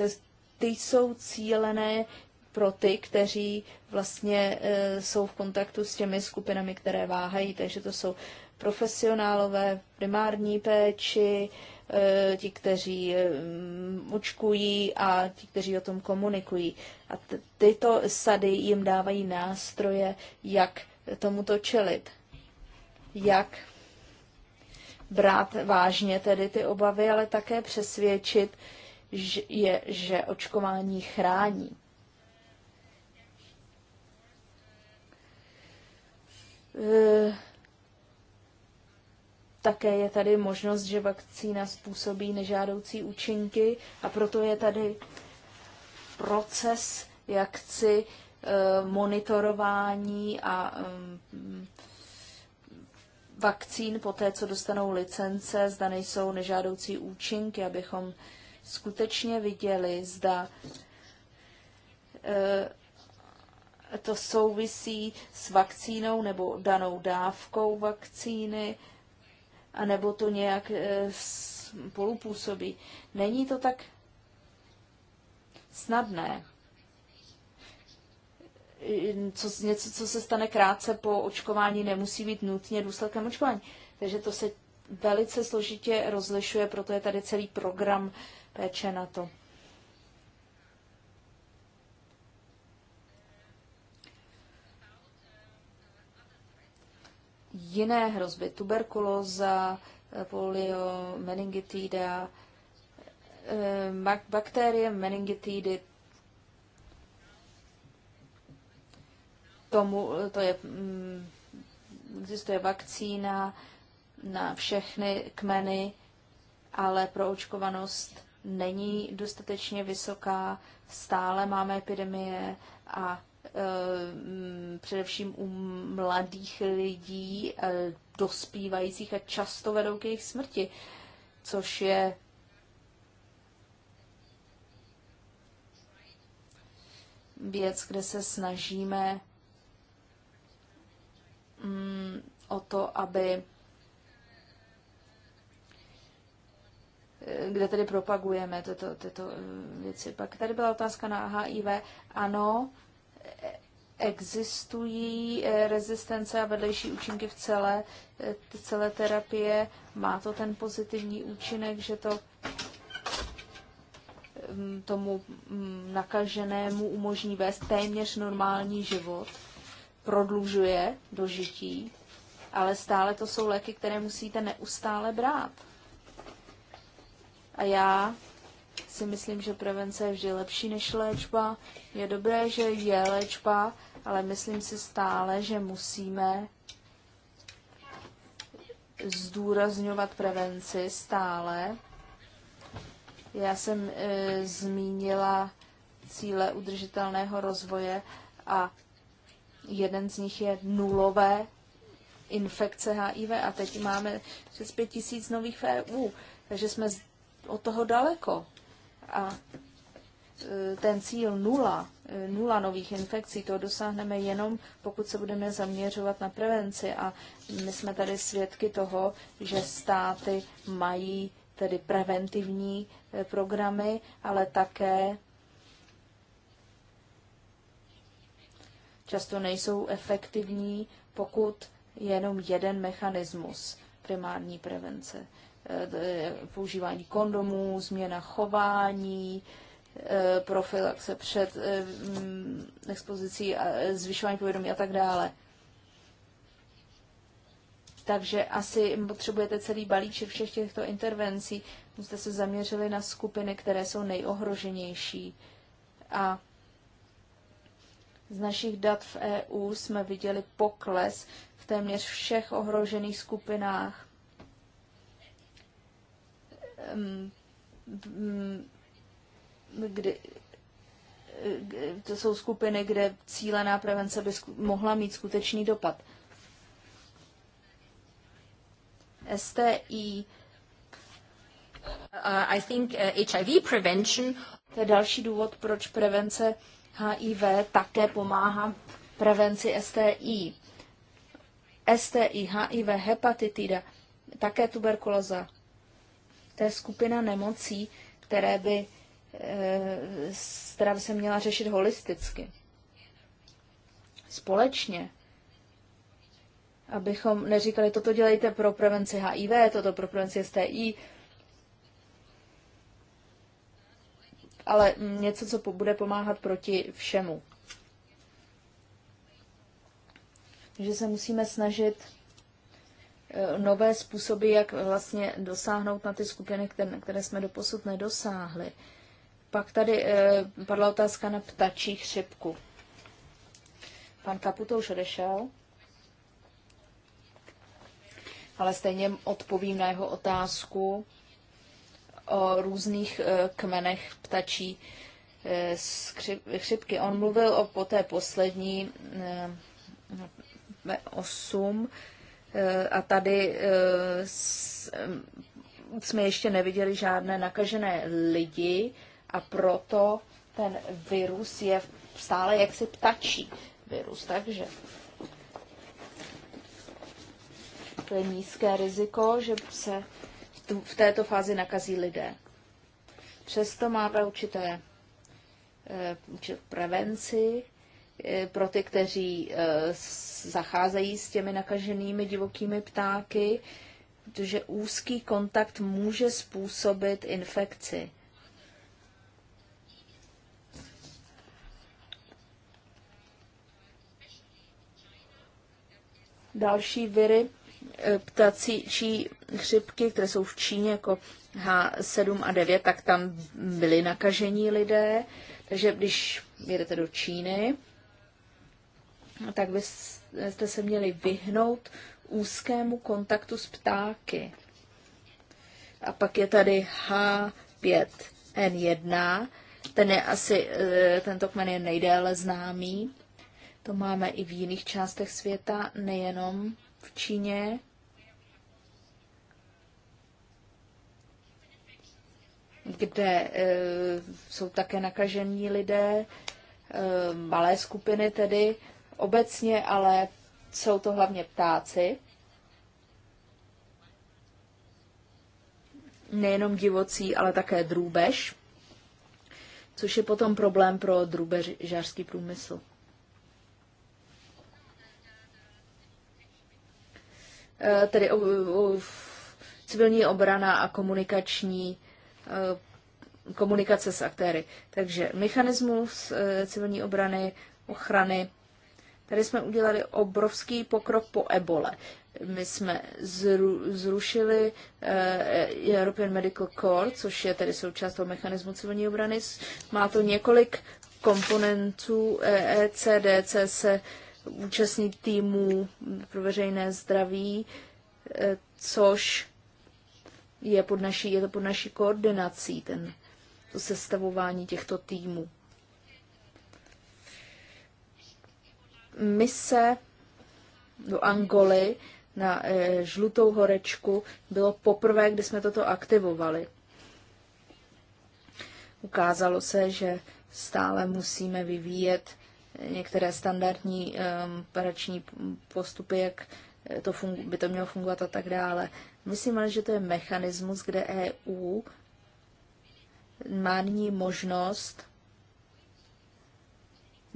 ty jsou cílené pro ty, kteří vlastně jsou v kontaktu s těmi skupinami, které váhají, takže to jsou profesionálové v primární péči, eh, ti, kteří eh, učkují a ti, kteří o tom komunikují. A tyto sady jim dávají nástroje, jak tomuto čelit, jak brát vážně tedy ty obavy, ale také přesvědčit, že, je, že očkování chrání. Uh, také je tady možnost, že vakcína způsobí nežádoucí účinky a proto je tady proces jakci eh, monitorování a mm, vakcín po té, co dostanou licence, zda nejsou nežádoucí účinky, abychom skutečně viděli, zda eh, to souvisí s vakcínou nebo danou dávkou vakcíny anebo to nějak e, spolupůsobí. Není to tak snadné. Co, něco, co se stane krátce po očkování, nemusí být nutně důsledkem očkování. Takže to se velice složitě rozlišuje, proto je tady celý program péče na to. jiné hrozby, tuberkulóza, eh, polio, meningitida, eh, bakterie meningitidy, tomu, eh, to je, mm, existuje vakcína na všechny kmeny, ale pro očkovanost není dostatečně vysoká, stále máme epidemie a Eh, především u mladých lidí, eh, dospívajících a často vedou k jejich smrti, což je věc, kde se snažíme mm, o to, aby eh, kde tedy propagujeme tyto, tyto věci. Pak tady byla otázka na HIV. Ano, existují eh, rezistence a vedlejší účinky v celé, eh, celé terapie. Má to ten pozitivní účinek, že to mm, tomu mm, nakaženému umožní vést téměř normální život, prodlužuje dožití, ale stále to jsou léky, které musíte neustále brát. A já si myslím, že prevence je vždy lepší než léčba. Je dobré, že je léčba, ale myslím si stále, že musíme zdůrazňovat prevenci stále. Já jsem e, zmínila cíle udržitelného rozvoje a jeden z nich je nulové infekce HIV a teď máme přes pět tisíc nových v EU, takže jsme od toho daleko. A e, ten cíl nula, e, nula nových infekcí, to dosáhneme jenom, pokud se budeme zaměřovat na prevenci. A my jsme tady svědky toho, že státy mají tedy preventivní e, programy, ale také často nejsou efektivní, pokud jenom jeden mechanismus primární prevence používání kondomů, změna chování, e, profilaxe před e, mm, expozicí, zvyšování povědomí a tak dále. Takže asi potřebujete celý balíček všech těchto intervencí. Jste se zaměřili na skupiny, které jsou nejohroženější. A z našich dat v EU jsme viděli pokles v téměř všech ohrožených skupinách Ehm, kdy, eh, to jsou skupiny, kde cílená prevence by mohla mít skutečný dopad. STI. Uh, I think uh, HIV prevention. To je další důvod, proč prevence HIV také pomáhá prevenci STI. STI, HIV, hepatitida, také tuberkuloza, to je skupina nemocí, které by, eh, která by se měla řešit holisticky. Společně. Abychom neříkali, toto dělejte pro prevenci HIV, toto pro prevenci STI, ale něco, co bude pomáhat proti všemu. Takže se musíme snažit Eh, nové způsoby, jak vlastně dosáhnout na ty skupiny, které, které jsme doposud nedosáhli. Pak tady eh, padla otázka na ptačí chřipku. Pan Kaputo už odešel, ale stejně odpovím na jeho otázku o různých eh, kmenech ptačí chřipky. On mluvil o poté poslední 8 Eh, a tady eh, jsme ještě neviděli žádné nakažené lidi a proto ten virus je stále jaksi ptačí virus. Takže to je nízké riziko, že se v této fázi nakazí lidé. Přesto máme určité, eh, prevenci, E, pro ty, kteří e, zacházejí s těmi nakaženými divokými ptáky, protože úzký kontakt může způsobit infekci. Další viry e, ptací či chřipky, které jsou v Číně jako H7 a 9, tak tam byli nakažení lidé. Takže když jedete do Číny, tak byste se měli vyhnout úzkému kontaktu s ptáky. A pak je tady H5N1, ten je asi, eh, tento kmen je nejdéle známý. To máme i v jiných částech světa, nejenom v Číně. kde e, jsou také nakažení lidé, e, malé skupiny tedy, obecně, ale jsou to hlavně ptáci. Nejenom divocí, ale také drůbež, což je potom problém pro drůbežářský průmysl. E, tedy civilní obrana a komunikační e, komunikace s aktéry. Takže mechanismus e, civilní obrany, ochrany Tady jsme udělali obrovský pokrok po ebole. My jsme zru, zrušili uh, European Medical Corps, což je tedy součást toho mechanismu civilní obrany. Má to několik komponentů. ECDC eh, e se účastní týmů pro veřejné zdraví, eh, což je, pod naší, je to pod naší koordinací, ten, to sestavování těchto týmů. mise do Angoly na eh, žlutou horečku bylo poprvé, kdy jsme toto aktivovali. Ukázalo se, že stále musíme vyvíjet některé standardní ehm, operační postupy, jak eh, to by to mělo fungovat a tak dále. Myslím ale, že to je mechanismus, kde EU má nyní možnost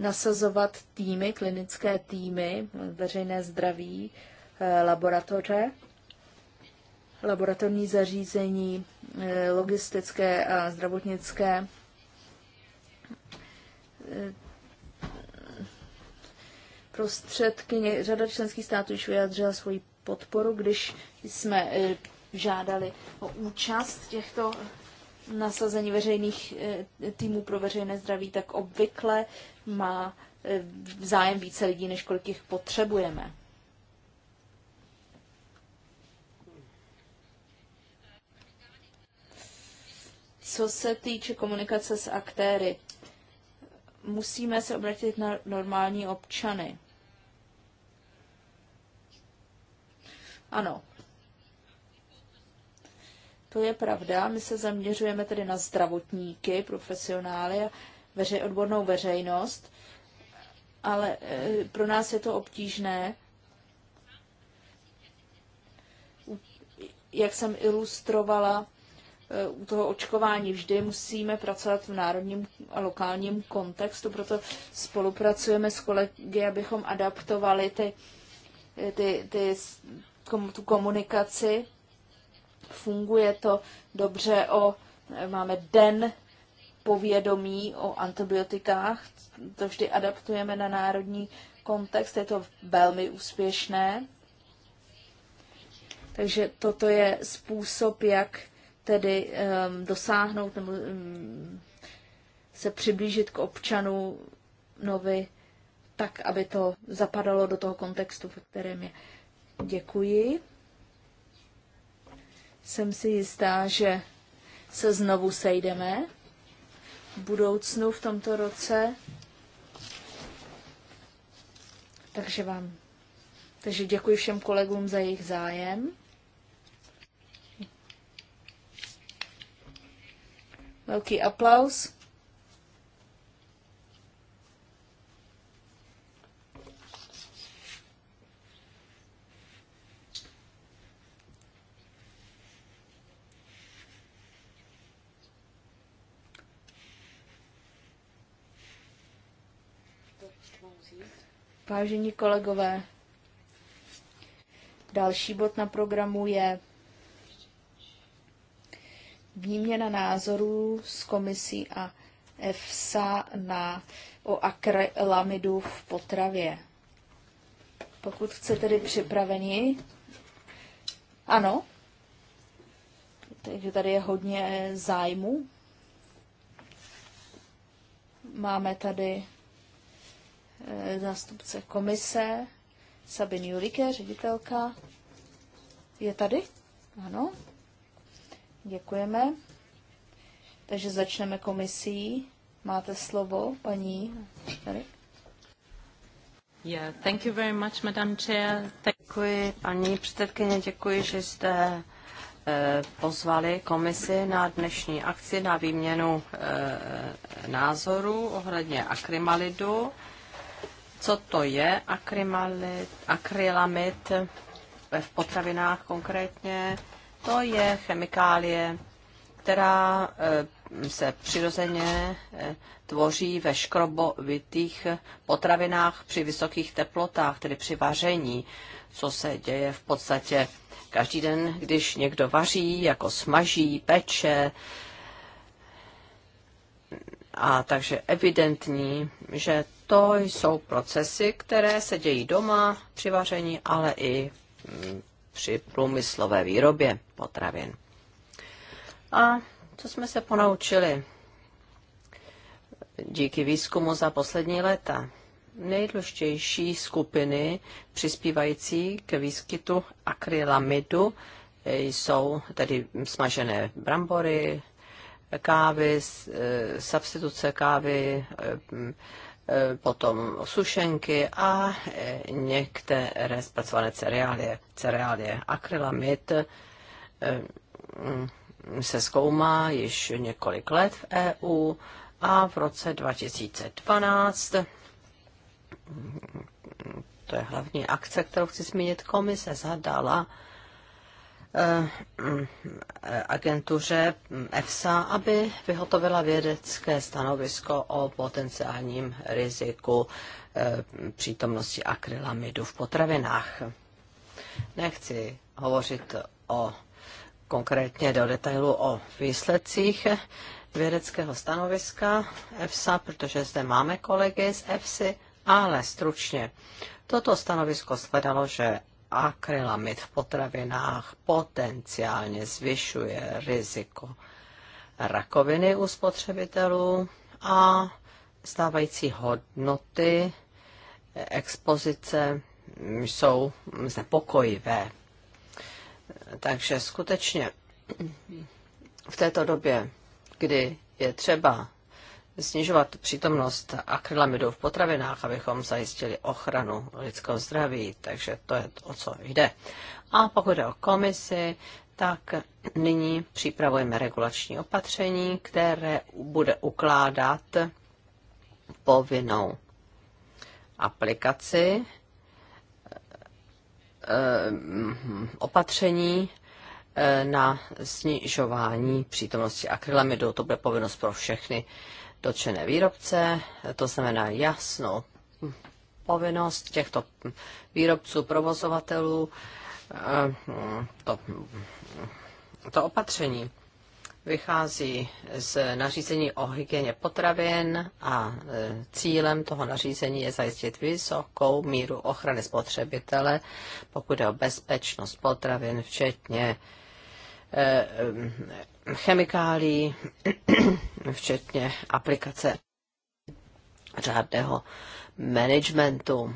nasazovat týmy, klinické týmy, veřejné zdraví, eh, laboratoře, laboratorní zařízení, eh, logistické a zdravotnické eh, prostředky. Řada členských států již vyjádřila svoji podporu, když jsme žádali o účast těchto nasazení veřejných týmů pro veřejné zdraví, tak obvykle má eh, zájem více lidí, než kolik jich potřebujeme. Co se týče komunikace s aktéry, musíme se obratit na normální občany. Ano. To je pravda. My se zaměřujeme tedy na zdravotníky, profesionály a veře, odbornou veřejnost, ale e, pro nás je to obtížné. Jak jsem ilustrovala, e, u toho očkování vždy musíme pracovat v národním a lokálním kontextu, proto spolupracujeme s kolegy, abychom adaptovali ty, e, ty, ty, kom, tu komunikaci. Funguje to dobře o máme den povědomí o antibiotikách. To vždy adaptujeme na národní kontext, je to velmi úspěšné. Takže toto je způsob, jak tedy um, dosáhnout nebo um, se přiblížit k občanu novy tak, aby to zapadalo do toho kontextu, v kterém je. Děkuji. Jsem si jistá, že se znovu sejdeme budoucnu v tomto roce. Takže vám. Takže děkuji všem kolegům za jejich zájem. Velký aplaus. Vážení kolegové, další bod na programu je výměna názorů s komisí a EFSA na, o akrylamidu v potravě. Pokud chcete tedy připraveni, ano, takže tady je hodně zájmu. Máme tady Eh, zástupce komise, Sabine Julike, ředitelka. Je tady? Ano. Děkujeme. Takže začneme komisí. Máte slovo, paní tady. Yeah, thank you very much, Madam Chair. Děkuji, paní předsedkyně, děkuji, že jste eh, pozvali komisi na dnešní akci na výměnu eh, názorů ohledně akrymalidu co to je akrylamid, akrylamid v potravinách konkrétně. To je chemikálie, která eh, se přirozeně eh, tvoří ve škrobovitých potravinách při vysokých teplotách, tedy při vaření, co se děje v podstatě každý den, když někdo vaří, jako smaží, peče. A takže evidentní, že to jsou procesy, které se dějí doma při vaření, ale i mm, při průmyslové výrobě potravin. A co jsme se ponaučili díky výzkumu za poslední léta? Nejdůležitější skupiny přispívající k výskytu akrylamidu jsou tedy smažené brambory, kávy, eh, substituce kávy, eh, E, potom sušenky a e, některé zpracované cereálie, cereálie akrylamid e, mm, se zkoumá již několik let v EU a v roce 2012 mm, to je hlavní akce, kterou chci zmínit, komise zadala Eh, agentuře EFSA, aby vyhotovila vědecké stanovisko o potenciálním riziku eh, přítomnosti akrylamidu v potravinách. Nechci hovořit o konkrétně do detailu o výsledcích vědeckého stanoviska EFSA, protože zde máme kolegy z EFSI, ale stručně. Toto stanovisko shledalo, že akrylamid v potravinách potenciálně zvyšuje riziko rakoviny u spotřebitelů a stávající hodnoty expozice jsou znepokojivé. Takže skutečně v této době, kdy je třeba snižovat přítomnost akrylamidu v potravinách, abychom zajistili ochranu lidského zdraví, takže to je to, o co jde. A pokud jde o komisi, tak nyní připravujeme regulační opatření, které bude ukládat povinnou aplikaci ehm, opatření ehm, na snižování přítomnosti akrylamidu. To bude povinnost pro všechny dotčené výrobce, to znamená jasnou povinnost těchto výrobců, provozovatelů, eh, to, to opatření vychází z nařízení o hygieně potravin a eh, cílem toho nařízení je zajistit vysokou míru ochrany spotřebitele, pokud je o bezpečnost potravin, včetně eh, chemikálií, (clears throat) včetně aplikace řádného managementu,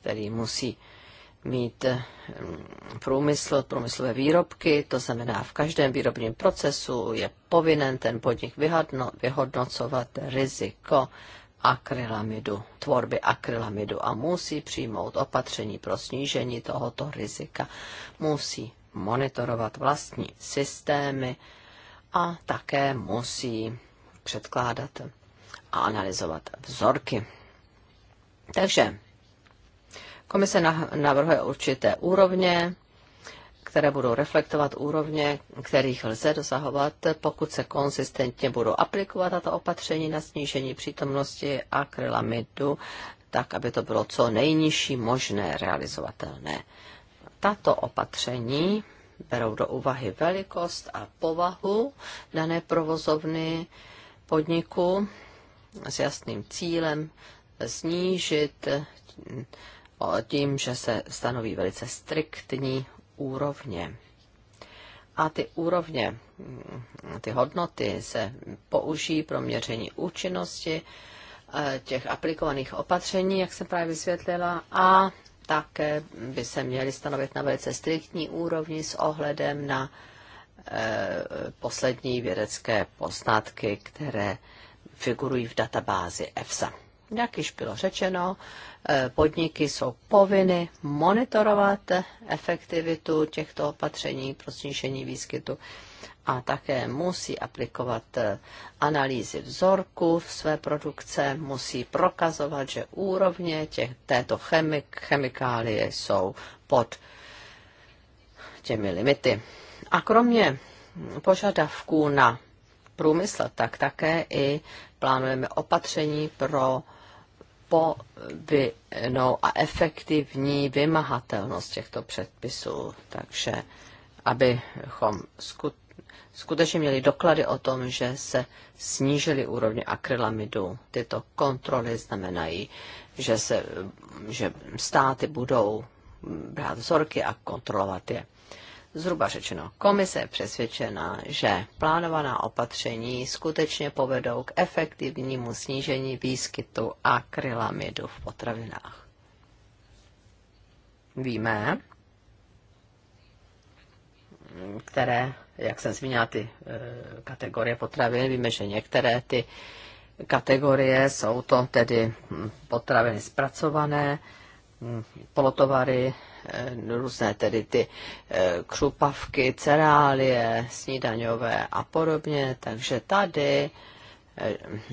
který musí mít mm, průmysl, průmyslové výrobky, to znamená v každém výrobním procesu je povinen ten podnik vyhodno, vyhodnocovat riziko akrylamidu, tvorby akrylamidu a musí přijmout opatření pro snížení tohoto rizika. Musí monitorovat vlastní systémy, a také musí předkládat a analyzovat vzorky. Takže komise navrhuje určité úrovně, které budou reflektovat úrovně, kterých lze dosahovat, pokud se konsistentně budou aplikovat tato opatření na snížení přítomnosti akrylamidu, tak aby to bylo co nejnižší možné realizovatelné. Tato opatření berou do úvahy velikost a povahu dané provozovny podniku s jasným cílem snížit tím, že se stanoví velice striktní úrovně. A ty úrovně, mm, ty hodnoty se použijí pro měření účinnosti eh, těch aplikovaných opatření, jak jsem právě vysvětlila, a také by se měly stanovit na velice striktní úrovni s ohledem na e, poslední vědecké poznatky, které figurují v databázi EFSA. Jak již bylo řečeno, eh, podniky jsou povinny monitorovat efektivitu těchto opatření pro snížení výskytu a také musí aplikovat eh, analýzy vzorku v své produkce, musí prokazovat, že úrovně těch, této chemik, chemikálie jsou pod těmi limity. A kromě požadavků na průmysl, tak také i plánujeme opatření pro povinnou a efektivní vymahatelnost těchto předpisů. Takže abychom skutečně skutečně měli doklady o tom, že se snížily úrovně akrylamidu. Tyto kontroly znamenají, že, se, že státy budou brát vzorky a kontrolovat je. Zhruba řečeno, komise je přesvědčena, že plánovaná opatření skutečně povedou k efektivnímu snížení výskytu akrylamidu v potravinách. Víme, které, jak jsem zmínila, ty eh, kategorie potravin, víme, že některé ty kategorie jsou to tedy hm, potraviny zpracované, hm, polotovary, eh, různé tedy ty eh, křupavky, cerálie, snídaňové a podobně. Takže tady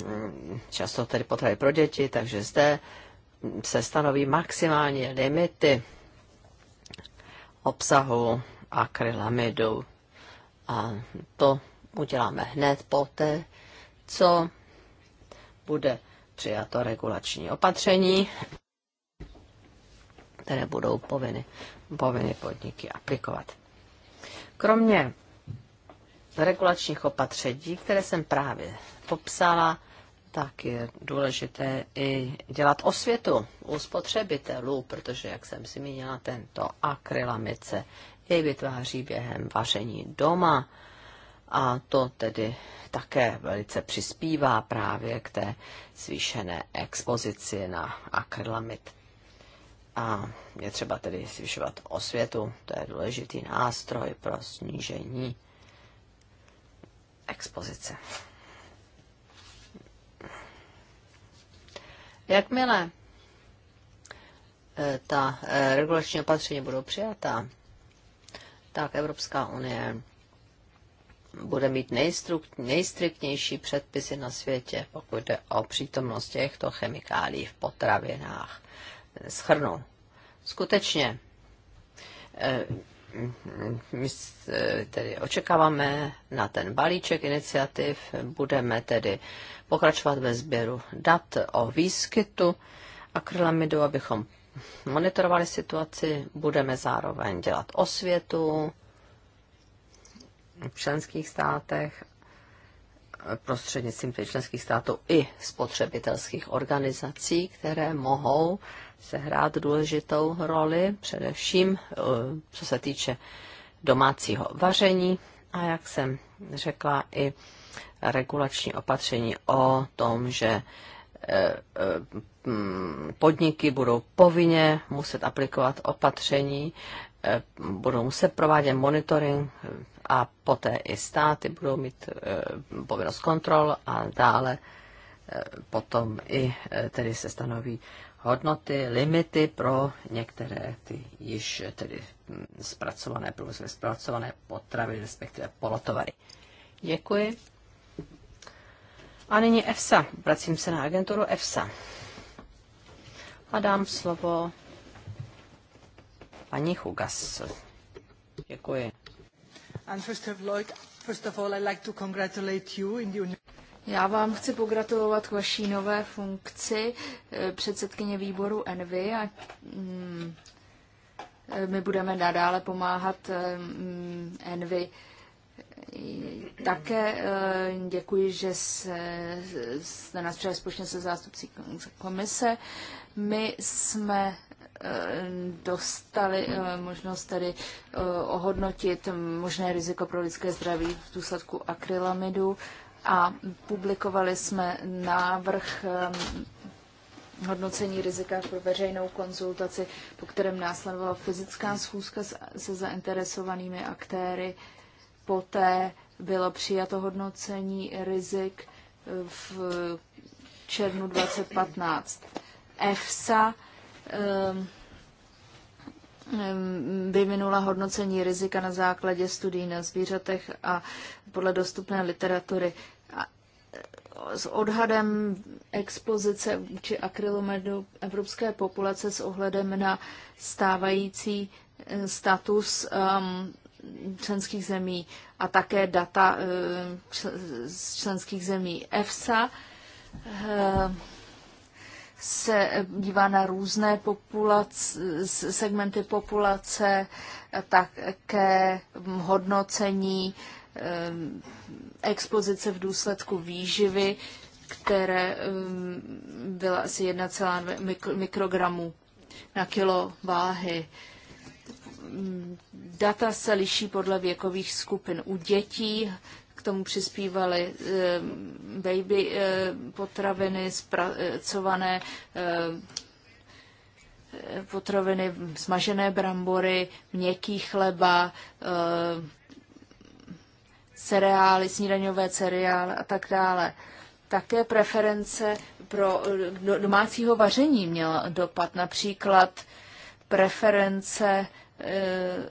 hm, často tedy potravy pro děti, takže zde se stanoví maximální limity obsahu akrylamidu. A to uděláme hned poté, co bude přijato regulační opatření, které budou povinny, povinny podniky aplikovat. Kromě regulačních opatření, které jsem právě popsala, tak je důležité i dělat osvětu u spotřebitelů, protože, jak jsem zmínila, tento akrylamid se jej vytváří během vaření doma. A to tedy také velice přispívá právě k té zvýšené expozici na akrylamid. A je třeba tedy zvyšovat osvětu, to je důležitý nástroj pro snížení expozice. Jakmile eh, ta eh, regulační opatření budou přijatá, tak Evropská unie bude mít nejstriktnější předpisy na světě, pokud jde o přítomnost těchto chemikálí v potravinách. Schrnu. Skutečně, eh, my eh, tedy očekáváme na ten balíček iniciativ, budeme tedy pokračovat ve sběru dat o výskytu akrylamidu, abychom monitorovali situaci, budeme zároveň dělat osvětu v členských státech prostřednictvím členských států i spotřebitelských organizací, které mohou sehrát důležitou roli, především eh, co se týče domácího vaření a jak jsem řekla i regulační opatření o tom, že podniky budou povinně muset aplikovat opatření, budou muset provádět monitoring a poté i státy budou mít eh, povinnost kontrol a dále eh, potom i eh, tedy se stanoví hodnoty, limity pro některé ty již tedy hm, zpracované, zpracované potraviny, respektive polotovary. Děkuji. A nyní EFSA. Vracím se na agenturu EFSA. A dám slovo paní Hugas. Děkuji. And first of, first of all, I'd like to congratulate you in the já vám chci pogratulovat k vaší nové funkci eh, předsedkyně výboru Envy a mm, eh, my budeme nadále pomáhat Envy eh, mm, také eh, děkuji, že jste nás přijali společně se zástupci komise. My jsme eh, dostali eh, možnost tady ohodnotit možné riziko pro lidské zdraví v důsledku akrylamidu a publikovali jsme návrh hodnocení rizika pro veřejnou konzultaci, po kterém následovala fyzická schůzka se zainteresovanými aktéry Poté bylo přijato hodnocení rizik v červnu 2015. EFSA ehm, ehm, vyvinula hodnocení rizika na základě studií na zvířatech a podle dostupné literatury. E, s odhadem expozice či akrylomedu evropské populace s ohledem na stávající e, status um, členských zemí a také data eh, z členských zemí EFSA eh, se dívá na různé populace, segmenty populace, také hodnocení eh, expozice v důsledku výživy, které byla asi 1,2 mikrogramů na kilo váhy data se liší podle věkových skupin. U dětí k tomu přispívaly eh, baby eh, potraviny zpracované eh, potraviny, smažené brambory, měkký chleba, cereály, snídaňové cereály a tak dále. Také preference pro domácího vaření měla dopad, například preference Eh,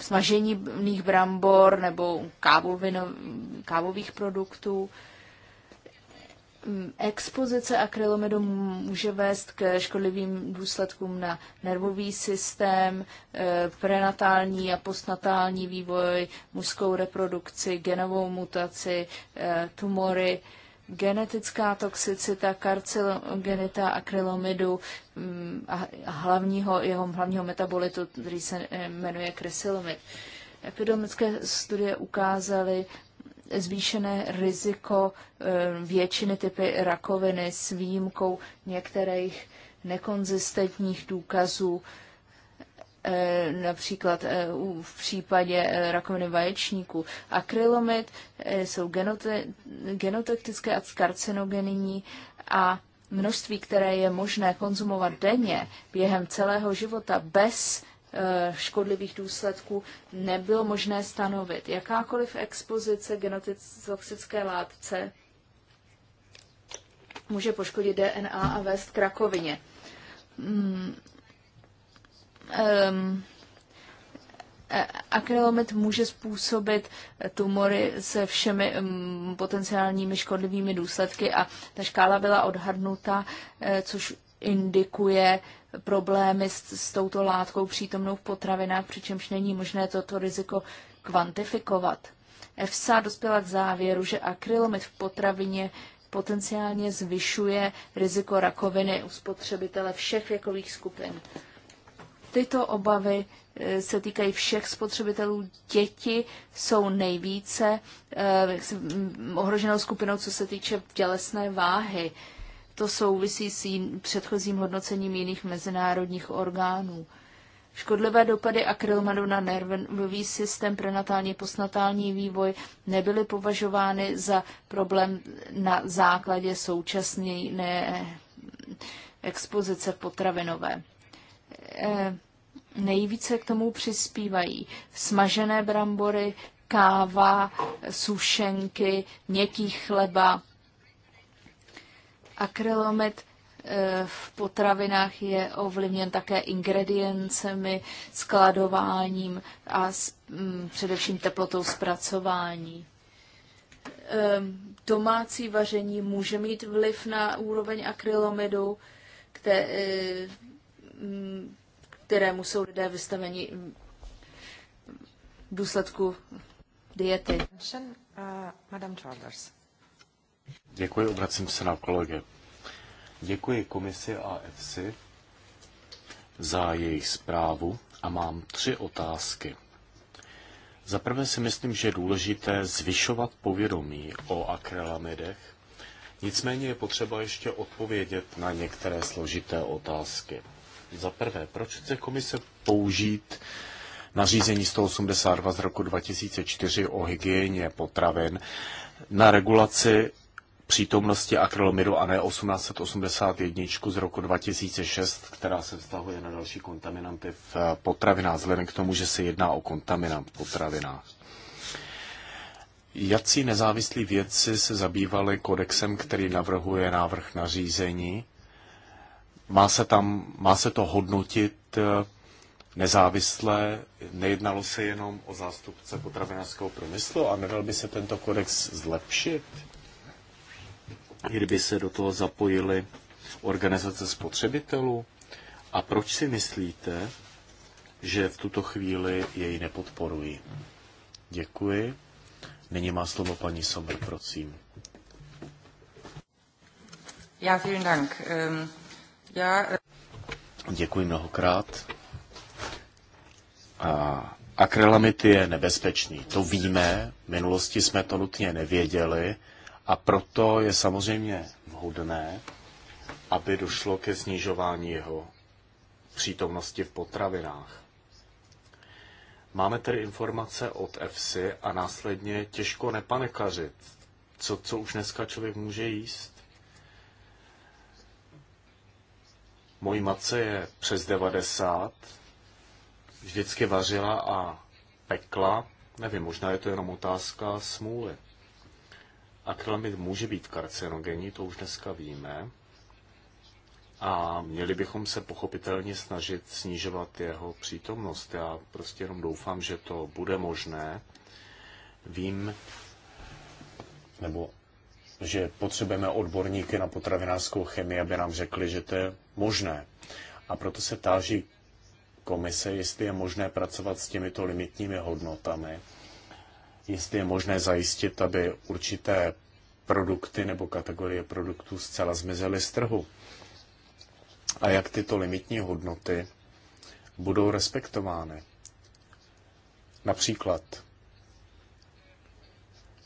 smažení mých brambor nebo kávovino, kávových produktů. Mm, expozice akrylomedu může vést k škodlivým důsledkům na nervový systém, eh, prenatální a postnatální vývoj, mužskou reprodukci, genovou mutaci, eh, tumory genetická toxicita karcinogenita akrylomidu mm, a hlavního, jeho hlavního metabolitu, který se eh, jmenuje krysilomid. Epidemické studie ukázaly zvýšené riziko eh, většiny typy rakoviny s výjimkou některých nekonzistentních důkazů Eh, například eh, v případě eh, rakoviny vaječníků. Akrylomid jsou genotektické a karcinogenní a množství, které je možné konzumovat denně během celého života bez škodlivých důsledků nebylo možné stanovit. Jakákoliv expozice genotoxické látce může poškodit DNA a vést k rakovině. Hmm, um, akrylamid může způsobit tumory se všemi mm, potenciálními škodlivými důsledky a ta škála byla odhadnuta, e, což indikuje problémy s, s touto látkou přítomnou v potravinách, přičemž není možné toto riziko kvantifikovat. EFSA dospěla k závěru, že akrylomid v potravině potenciálně zvyšuje riziko rakoviny u spotřebitele všech věkových skupin. Tyto obavy eh, se týkají všech spotřebitelů. Děti jsou nejvíce eh, mm, ohroženou skupinou, co se týče tělesné váhy. To souvisí s předchozím hodnocením jiných mezinárodních orgánů. Škodlivé dopady akrylmanu na nervový systém, prenatální postnatální vývoj nebyly považovány za problém na základě současné eh, expozice potravinové. Eh, nejvíce k tomu přispívají. Smažené brambory, káva, sušenky, měkký chleba. Akrylomet eh, v potravinách je ovlivněn také ingrediencemi, skladováním a s, m, mm, především teplotou zpracování. Ehm, domácí vaření může mít vliv na úroveň akrylamidu, které, eh, m, mm, kterému jsou lidé vystaveni v důsledku diety. Děkuji, obracím se na kolegy. Děkuji komisi a EFSI za jejich zprávu a mám tři otázky. Za prvé si myslím, že je důležité zvyšovat povědomí o akrylamidech, nicméně je potřeba ještě odpovědět na některé složité otázky. Za prvé, proč chce komise použít nařízení 182 z roku 2004 o hygieně potravin na regulaci přítomnosti akrylamidu a ne 1881 z roku 2006, která se vztahuje na další kontaminanty v potravinách, vzhledem k tomu, že se jedná o kontaminant v potravinách. Jací nezávislí vědci se zabývali kodexem, který navrhuje návrh nařízení má se, tam, má se to hodnotit eh, nezávisle, nejednalo se jenom o zástupce potravinářského průmyslu a nedal by se tento kodex zlepšit, kdyby se do toho zapojili organizace spotřebitelů? A proč si myslíte, že v tuto chvíli jej nepodporují? Děkuji. Nyní má slovo paní Sommer, prosím. Ja, vielen Dank. Ähm, já... Eh, Děkuji mnohokrát. A akrylamid je nebezpečný. To víme, v minulosti jsme to nutně nevěděli a proto je samozřejmě vhodné, aby došlo ke snižování jeho přítomnosti v potravinách. Máme tedy informace od EFSI a následně těžko nepanekařit, co, co už dneska člověk může jíst. Mojí matce je přes 90, vždycky vařila a pekla. Nevím, možná je to jenom otázka smůly. Akrylamid může být karcinogenní, to už dneska víme. A měli bychom se pochopitelně snažit snižovat jeho přítomnost. Já prostě jenom doufám, že to bude možné. Vím, nebo že potřebujeme odborníky na potravinářskou chemii, aby nám řekli, že to je možné. A proto se táží komise, jestli je možné pracovat s těmito limitními hodnotami, jestli je možné zajistit, aby určité produkty nebo kategorie produktů zcela zmizely z trhu. A jak tyto limitní hodnoty budou respektovány. Například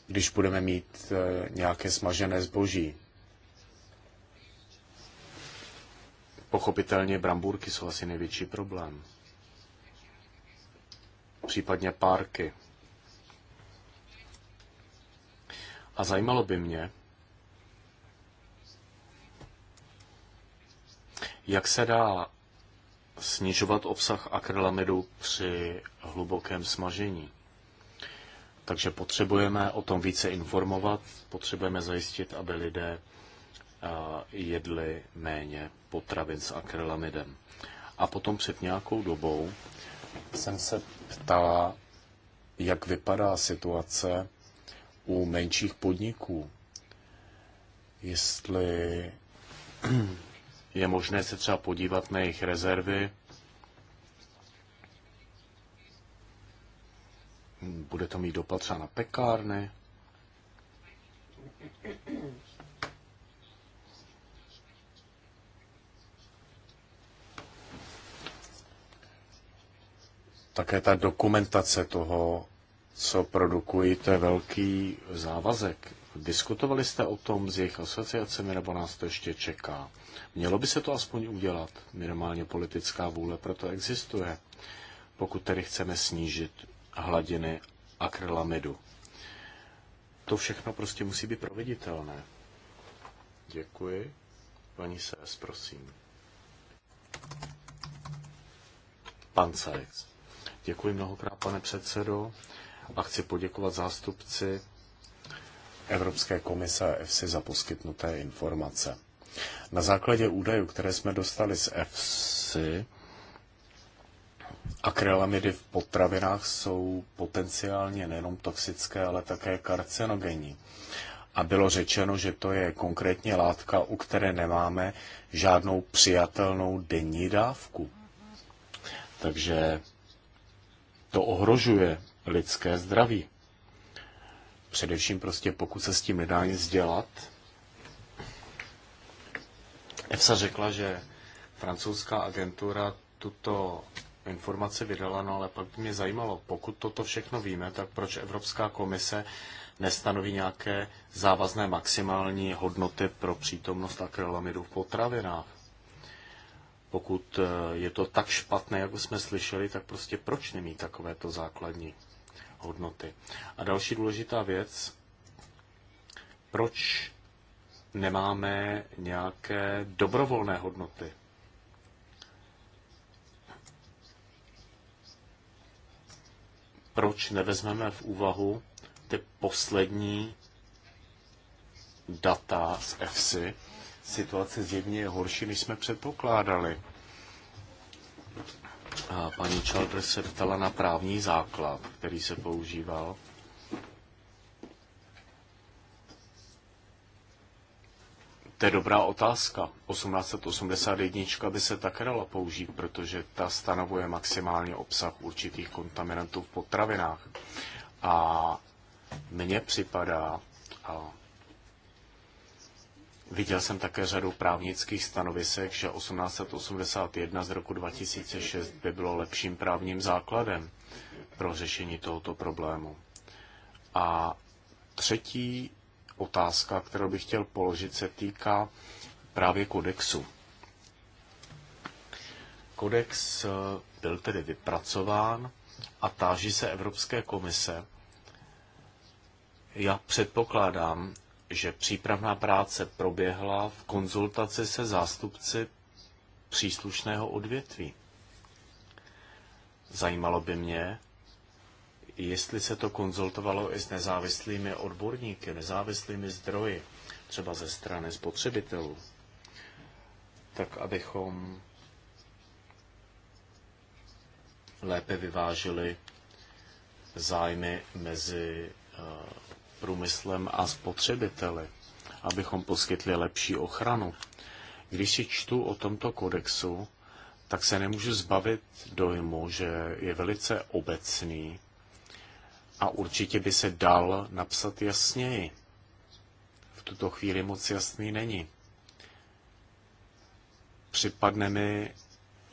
když budeme mít eh, nějaké smažené zboží. Pochopitelně brambůrky jsou asi největší problém. Případně párky. A zajímalo by mě, jak se dá snižovat obsah akrylamidu při hlubokém smažení. Takže potřebujeme o tom více informovat, potřebujeme zajistit, aby lidé eh, jedli méně potravin s akrylamidem. A potom před nějakou dobou jsem se ptala, jak vypadá situace u menších podniků. Jestli (clears throat) je možné se třeba podívat na jejich rezervy Bude to mít dopad třeba na pekárny. Také ta dokumentace toho, co produkují, to je velký závazek. Diskutovali jste o tom s jejich asociacemi, nebo nás to ještě čeká? Mělo by se to aspoň udělat. Minimálně politická vůle proto existuje. Pokud tedy chceme snížit hladiny akrylamidu. To všechno prostě musí být proveditelné. Děkuji. Paní Sés, prosím. Pan Sajec. Děkuji mnohokrát, pane předsedo, a chci poděkovat zástupci Evropské komise a EFSI za poskytnuté informace. Na základě údajů, které jsme dostali z EFSI, akrylamidy v potravinách jsou potenciálně nejenom toxické, ale také karcinogenní. A bylo řečeno, že to je konkrétně látka, u které nemáme žádnou přijatelnou denní dávku. Takže to ohrožuje lidské zdraví. Především prostě pokud se s tím nedá nic dělat. EFSA řekla, že francouzská agentura tuto informaci vydala, no ale pak mě zajímalo, pokud toto všechno víme, tak proč Evropská komise nestanoví nějaké závazné maximální hodnoty pro přítomnost akrylamidu v potravinách? Pokud eh, je to tak špatné, jak jsme slyšeli, tak prostě proč nemí takovéto základní hodnoty? A další důležitá věc, proč nemáme nějaké dobrovolné hodnoty proč nevezmeme v úvahu ty poslední data z EFSI. Situace zjevně je horší, než jsme předpokládali. A paní Childress se ptala na právní základ, který se používal. To je dobrá otázka. 1881 by se také dala použít, protože ta stanovuje maximálně obsah určitých kontaminantů v potravinách. A mně připadá, a viděl jsem také řadu právnických stanovisek, že 1881 z roku 2006 by bylo lepším právním základem pro řešení tohoto problému. A třetí otázka, kterou bych chtěl položit, se týká právě kodexu. Kodex eh, byl tedy vypracován a táží se Evropské komise. Já předpokládám, že přípravná práce proběhla v konzultaci se zástupci příslušného odvětví. Zajímalo by mě, jestli se to konzultovalo i s nezávislými odborníky, nezávislými zdroji, třeba ze strany spotřebitelů, tak abychom lépe vyvážili zájmy mezi eh, průmyslem a spotřebiteli, abychom poskytli lepší ochranu. Když si čtu o tomto kodexu, tak se nemůžu zbavit dojmu, že je velice obecný a určitě by se dal napsat jasněji. V tuto chvíli moc jasný není. Připadne mi,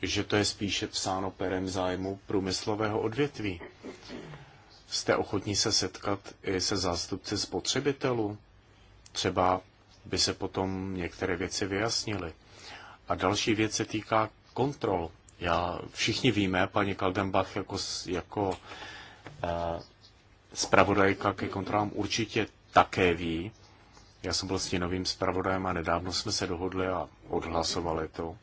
že to je spíše psáno perem zájmu průmyslového odvětví. Jste ochotní se setkat i se zástupci spotřebitelů? Třeba by se potom některé věci vyjasnily. A další věc se týká kontrol. Já, všichni víme, paní Kaldenbach jako, jako eh, zpravodajka ke kontrolám určitě také ví. Já jsem byl novým zpravodajem a nedávno jsme se dohodli a odhlasovali to.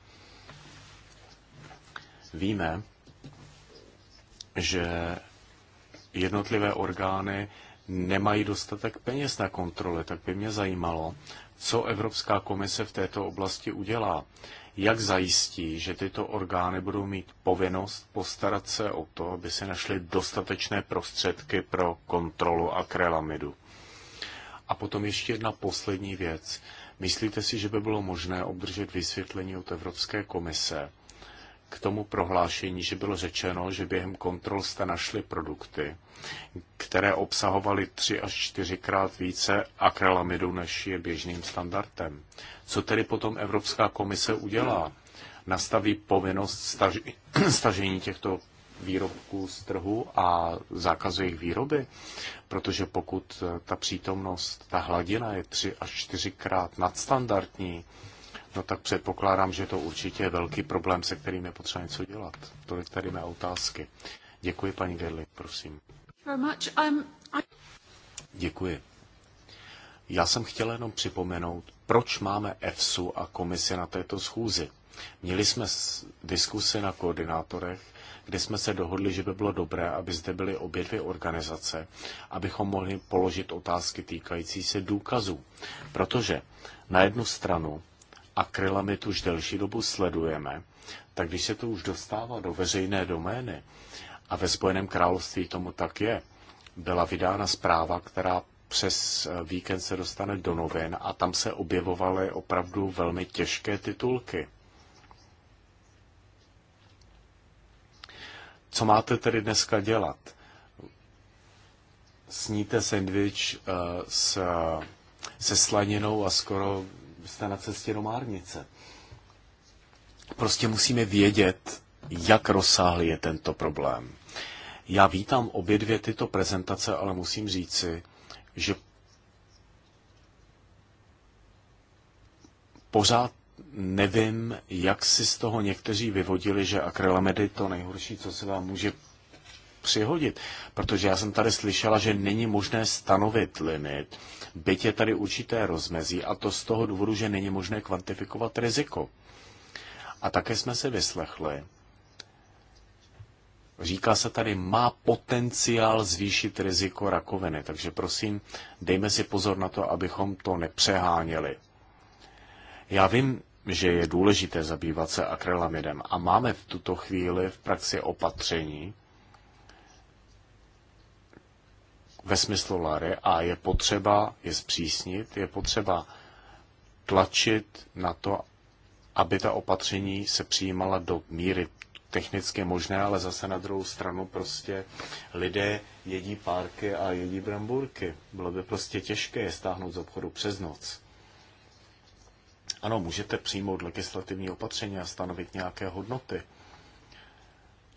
Víme, že jednotlivé orgány nemají dostatek peněz na kontroly, tak by mě zajímalo, co Evropská komise v této oblasti udělá jak zajistí, že tyto orgány budou mít povinnost postarat se o to, aby se našly dostatečné prostředky pro kontrolu akrelamidu. A potom ještě jedna poslední věc. Myslíte si, že by bylo možné obdržet vysvětlení od Evropské komise k tomu prohlášení, že bylo řečeno, že během kontrol jste našli produkty, které obsahovaly tři až čtyřikrát více akrylamidu, než je běžným standardem. Co tedy potom Evropská komise udělá? Nastaví povinnost staži- (clears throat) stažení těchto výrobků z trhu a zákazu jejich výroby, protože pokud ta přítomnost, ta hladina je tři až čtyřikrát nadstandardní, No tak předpokládám, že to určitě je velký problém, se kterým je potřeba něco dělat. Tolik tady mé otázky. Děkuji, paní Gerli, prosím. Um, Děkuji. Já jsem chtěl jenom připomenout, proč máme EFSU a komisi na této schůzi. Měli jsme diskusy na koordinátorech, kde jsme se dohodli, že by bylo dobré, aby zde byly obě dvě organizace, abychom mohli položit otázky týkající se důkazů. Protože na jednu stranu akrylamid už delší dobu sledujeme, tak když se to už dostává do veřejné domény, a ve Spojeném království tomu tak je, byla vydána zpráva, která přes eh, víkend se dostane do novin a tam se objevovaly opravdu velmi těžké titulky. Co máte tedy dneska dělat? Sníte sendvič uh, s, se slaninou a skoro jste na cestě do Márnice. Prostě musíme vědět, jak rozsáhlý je tento problém. Já vítám obě dvě tyto prezentace, ale musím říci, že pořád nevím, jak si z toho někteří vyvodili, že akrylamidy to nejhorší, co se vám může přihodit, protože já jsem tady slyšela, že není možné stanovit limit, byť je tady určité rozmezí a to z toho důvodu, že není možné kvantifikovat riziko. A také jsme se vyslechli, říká se tady, má potenciál zvýšit riziko rakoviny, takže prosím, dejme si pozor na to, abychom to nepřeháněli. Já vím, že je důležité zabývat se akrylamidem a máme v tuto chvíli v praxi opatření, ve smyslu Lary a je potřeba je zpřísnit, je potřeba tlačit na to, aby ta opatření se přijímala do míry technicky možné, ale zase na druhou stranu prostě lidé jedí párky a jedí bramburky. Bylo by prostě těžké je stáhnout z obchodu přes noc. Ano, můžete přijmout legislativní opatření a stanovit nějaké hodnoty.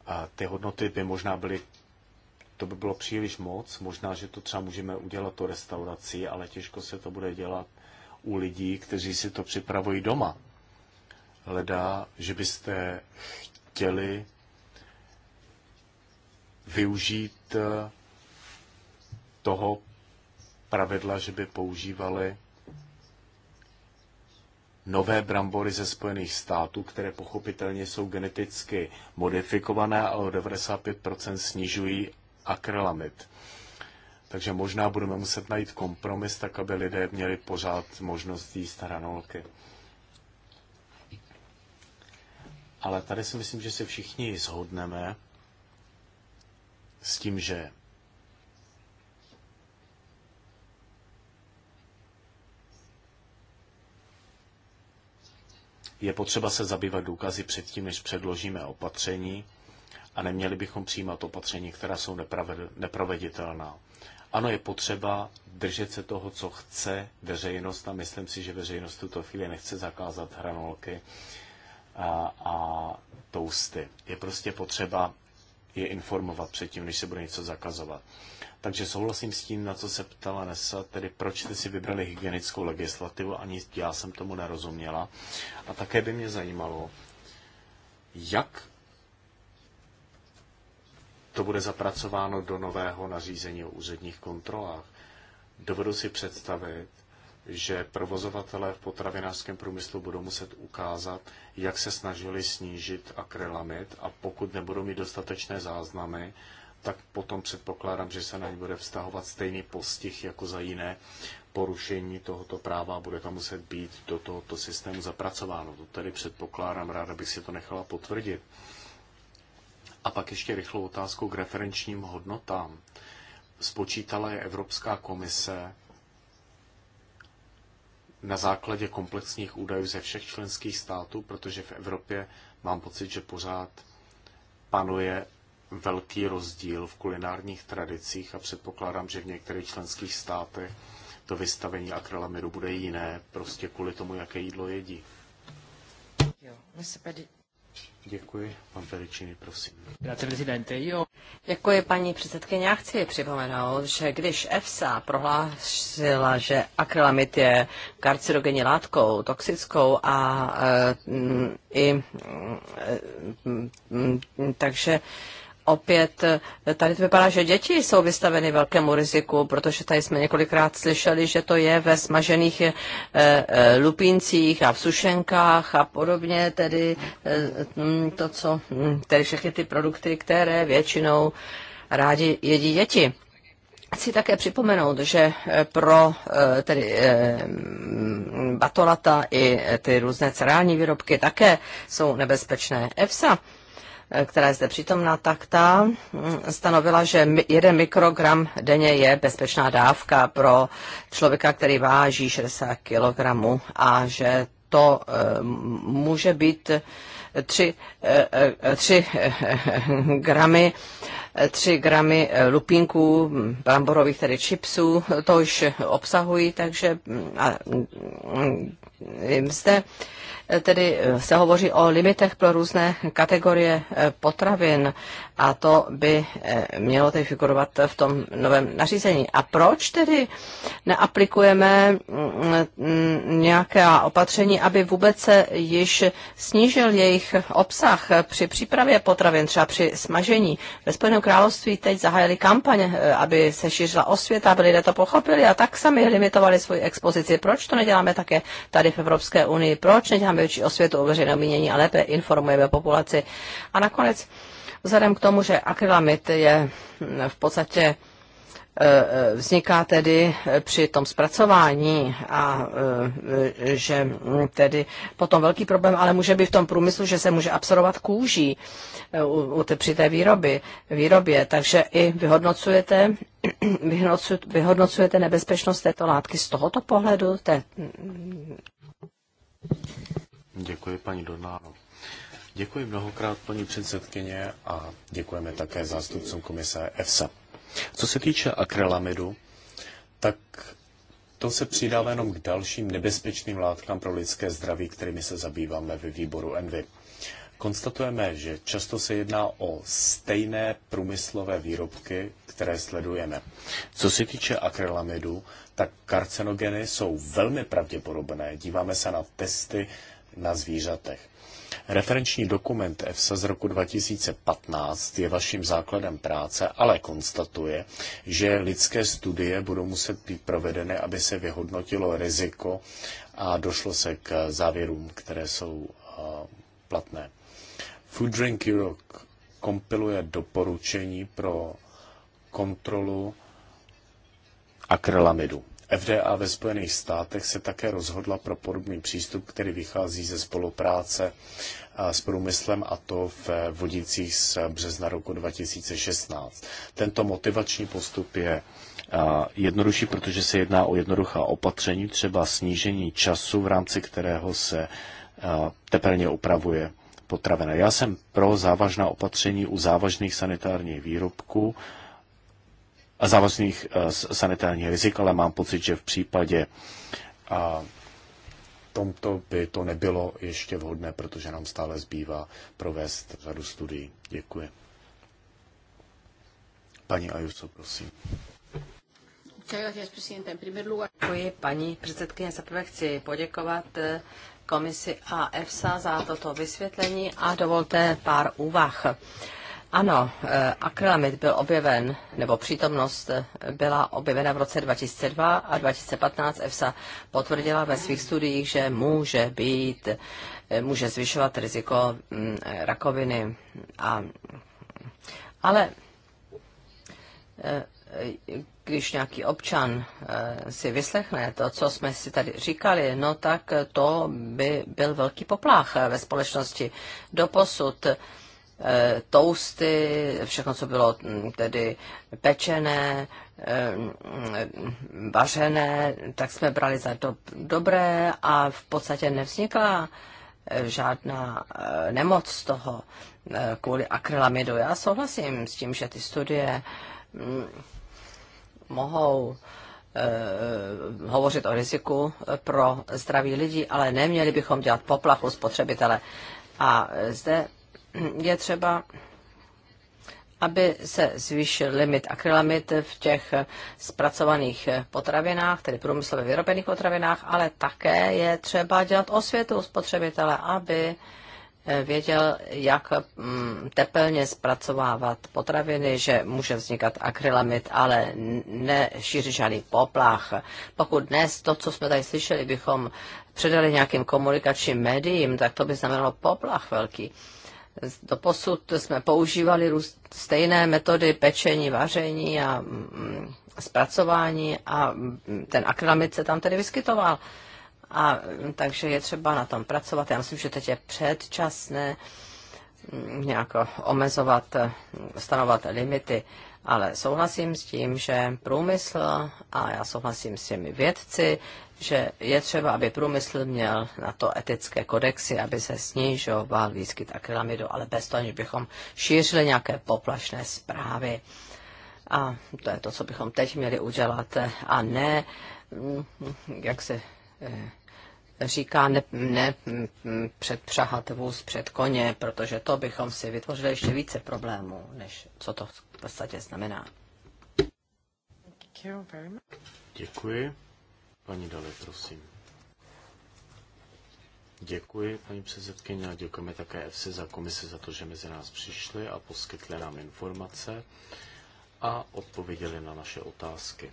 A ty hodnoty by možná byly to by bylo příliš moc. Možná, že to třeba můžeme udělat to restauraci, ale těžko se to bude dělat u lidí, kteří si to připravují doma. Hledá, že byste chtěli využít eh, toho pravidla, že by používali nové brambory ze Spojených států, které pochopitelně jsou geneticky modifikované a o 95% snižují akrylamid. Takže možná budeme muset najít kompromis, tak aby lidé měli pořád možnost jíst hranolky. Ale tady si myslím, že se všichni shodneme s tím, že je potřeba se zabývat důkazy předtím, než předložíme opatření a neměli bychom přijímat opatření, která jsou neproveditelná. Ano, je potřeba držet se toho, co chce veřejnost a myslím si, že veřejnost tuto chvíli nechce zakázat hranolky a, a tousty. Je prostě potřeba je informovat předtím, než se bude něco zakazovat. Takže souhlasím s tím, na co se ptala Nesa, tedy proč jste si vybrali hygienickou legislativu, ani já jsem tomu nerozuměla. A také by mě zajímalo, jak to bude zapracováno do nového nařízení o úředních kontrolách. Dovedu si představit, že provozovatelé v potravinářském průmyslu budou muset ukázat, jak se snažili snížit akrylamid a pokud nebudou mít dostatečné záznamy, tak potom předpokládám, že se na ně bude vztahovat stejný postih jako za jiné porušení tohoto práva bude tam muset být do tohoto systému zapracováno. To tedy předpokládám, ráda bych si to nechala potvrdit. A pak ještě rychlou otázku k referenčním hodnotám. Spočítala je Evropská komise na základě komplexních údajů ze všech členských států, protože v Evropě mám pocit, že pořád panuje velký rozdíl v kulinárních tradicích a předpokládám, že v některých členských státech to vystavení akrylamidu bude jiné, prostě kvůli tomu, jaké jídlo jedí. Jo, my se tady... Děkuji. Pan Pericini, prosím. Děkuji, paní předsedkyně. Já chci připomenout, že když EFSA prohlásila, že akrylamid je karcinogenní látkou, toxickou a e, i takže opět eh, tady to vypadá, že děti jsou vystaveny velkému riziku, protože tady jsme několikrát slyšeli, že to je ve smažených eh, eh, lupíncích a v sušenkách a podobně, tedy mm, to, co, mm, tedy všechny ty produkty, které většinou rádi jedí děti. Chci také připomenout, že pro tedy batolata i ty různé cereální výrobky také jsou nebezpečné. EFSA která je zde přítomná, tak ta mm, stanovila, že jeden mikrogram denně je bezpečná dávka pro člověka, který váží 60 kg a že to eh, může být 3, eh, 3 eh, (laughs) gramy, 3 gramy lupínků, mm, bramborových tedy čipsů, to už obsahují, takže mm, a, zde tedy eh, se hovoří o limitech pro různé kategorie eh, potravin a to by eh, mělo teď figurovat v tom novém nařízení. A proč tedy neaplikujeme mm, mm, nějaké opatření, aby vůbec se již snížil jejich obsah při přípravě potravin, třeba při smažení. Ve Spojeném království teď zahájili kampaň, eh, aby se šířila osvěta, aby lidé to pochopili a tak sami limitovali svoji expozici. Proč to neděláme také tady v Evropské unii? Proč neděláme větší osvětu o veřejném mínění a lépe informujeme populaci? A nakonec Vzhledem k tomu, že akrylamid je v podstatě e, e, vzniká tedy při tom zpracování a e, že tedy potom velký problém, ale může být v tom průmyslu, že se může absorbovat kůží při té výroby, výrobě. Takže i vyhodnocujete, (clears throat) vyhodnocujete nebezpečnost této látky z tohoto pohledu? Té... Děkuji, paní Donáno. Děkuji mnohokrát paní předsedkyně a děkujeme také zástupcům komise EFSA. Co se týče akrylamidu, tak to se přidává jenom k dalším nebezpečným látkám pro lidské zdraví, kterými se zabýváme ve výboru ENVY. Konstatujeme, že často se jedná o stejné průmyslové výrobky, které sledujeme. Co se týče akrylamidu, tak karcinogeny jsou velmi pravděpodobné. Díváme se na testy na zvířatech. Referenční dokument EFSA z roku 2015 je vaším základem práce, ale konstatuje, že lidské studie budou muset být provedeny, aby se vyhodnotilo riziko a došlo se k závěrům, které jsou uh, platné. Food Drink Europe kompiluje doporučení pro kontrolu akrylamidu. FDA ve Spojených státech se také rozhodla pro podobný přístup, který vychází ze spolupráce s průmyslem a to v vodicích z března roku 2016. Tento motivační postup je jednodušší, protože se jedná o jednoduchá opatření, třeba snížení času, v rámci kterého se tepelně upravuje potravena. Já jsem pro závažná opatření u závažných sanitárních výrobků, závazných eh, sanitárních rizik, ale mám pocit, že v případě tomto by to nebylo ještě vhodné, protože nám stále zbývá provést řadu studií. Děkuji. Paní Ajuso, prosím. Děkuji, paní předsedkyně. Zaprvé chci poděkovat eh, komisi a EFSA za toto vysvětlení a dovolte pár úvah. Ano, eh, akrylamid byl objeven, nebo přítomnost eh, byla objevena v roce 2002 a 2015 EFSA potvrdila ve svých studiích, že může být, eh, může zvyšovat riziko mm, rakoviny. A, ale když nějaký občan si vyslechne to, co jsme si tady říkali, no tak to by byl velký poplach ve společnosti. Doposud posud Eh, tousty, všechno, co bylo hm, tedy pečené, eh, vařené, tak jsme brali za do, dobré a v podstatě nevznikla eh, žádná nemoc z toho kvůli akrylamidu. Já souhlasím s tím, že ty studie hm, mohou hovořit o riziku pro zdraví lidí, ale neměli bychom dělat poplachu spotřebitele. A zde je třeba aby se zvýšil limit akrylamid v těch zpracovaných potravinách, tedy průmyslově vyrobených potravinách, ale také je třeba dělat osvětu spotřebitele, aby věděl, jak mm, tepelně zpracovávat potraviny, že může vznikat akrylamid, ale ne šířit žádný poplach. Pokud dnes to, co jsme tady slyšeli, bychom předali nějakým komunikačním médiím, tak to by znamenalo poplach velký. Doposud jsme používali růz, stejné metody pečení, vaření a mm, zpracování a mm, ten akrylamid se tam tedy vyskytoval. A, mm, takže je třeba na tom pracovat. Já myslím, že teď je předčasné nějak omezovat, eh, stanovat limity. Ale souhlasím s tím, že průmysl, a já souhlasím s těmi vědci, že je třeba, aby průmysl měl na to etické kodexy, aby se snižoval výskyt akrylamidu, ale bez toho, že bychom šířili nějaké poplašné zprávy. A to je to, co bychom teď měli udělat, a ne, mm, jak se eh, říká, ne, ne mm, předpřahat vůz před koně, protože to bychom si vytvořili ještě více problémů, než co to v podstatě znamená. Děkuji. Paní Dali, prosím. Děkuji, paní předsedkyně, a děkujeme také EFSI za komisi za to, že mezi nás přišli a poskytli nám informace a odpověděli na naše otázky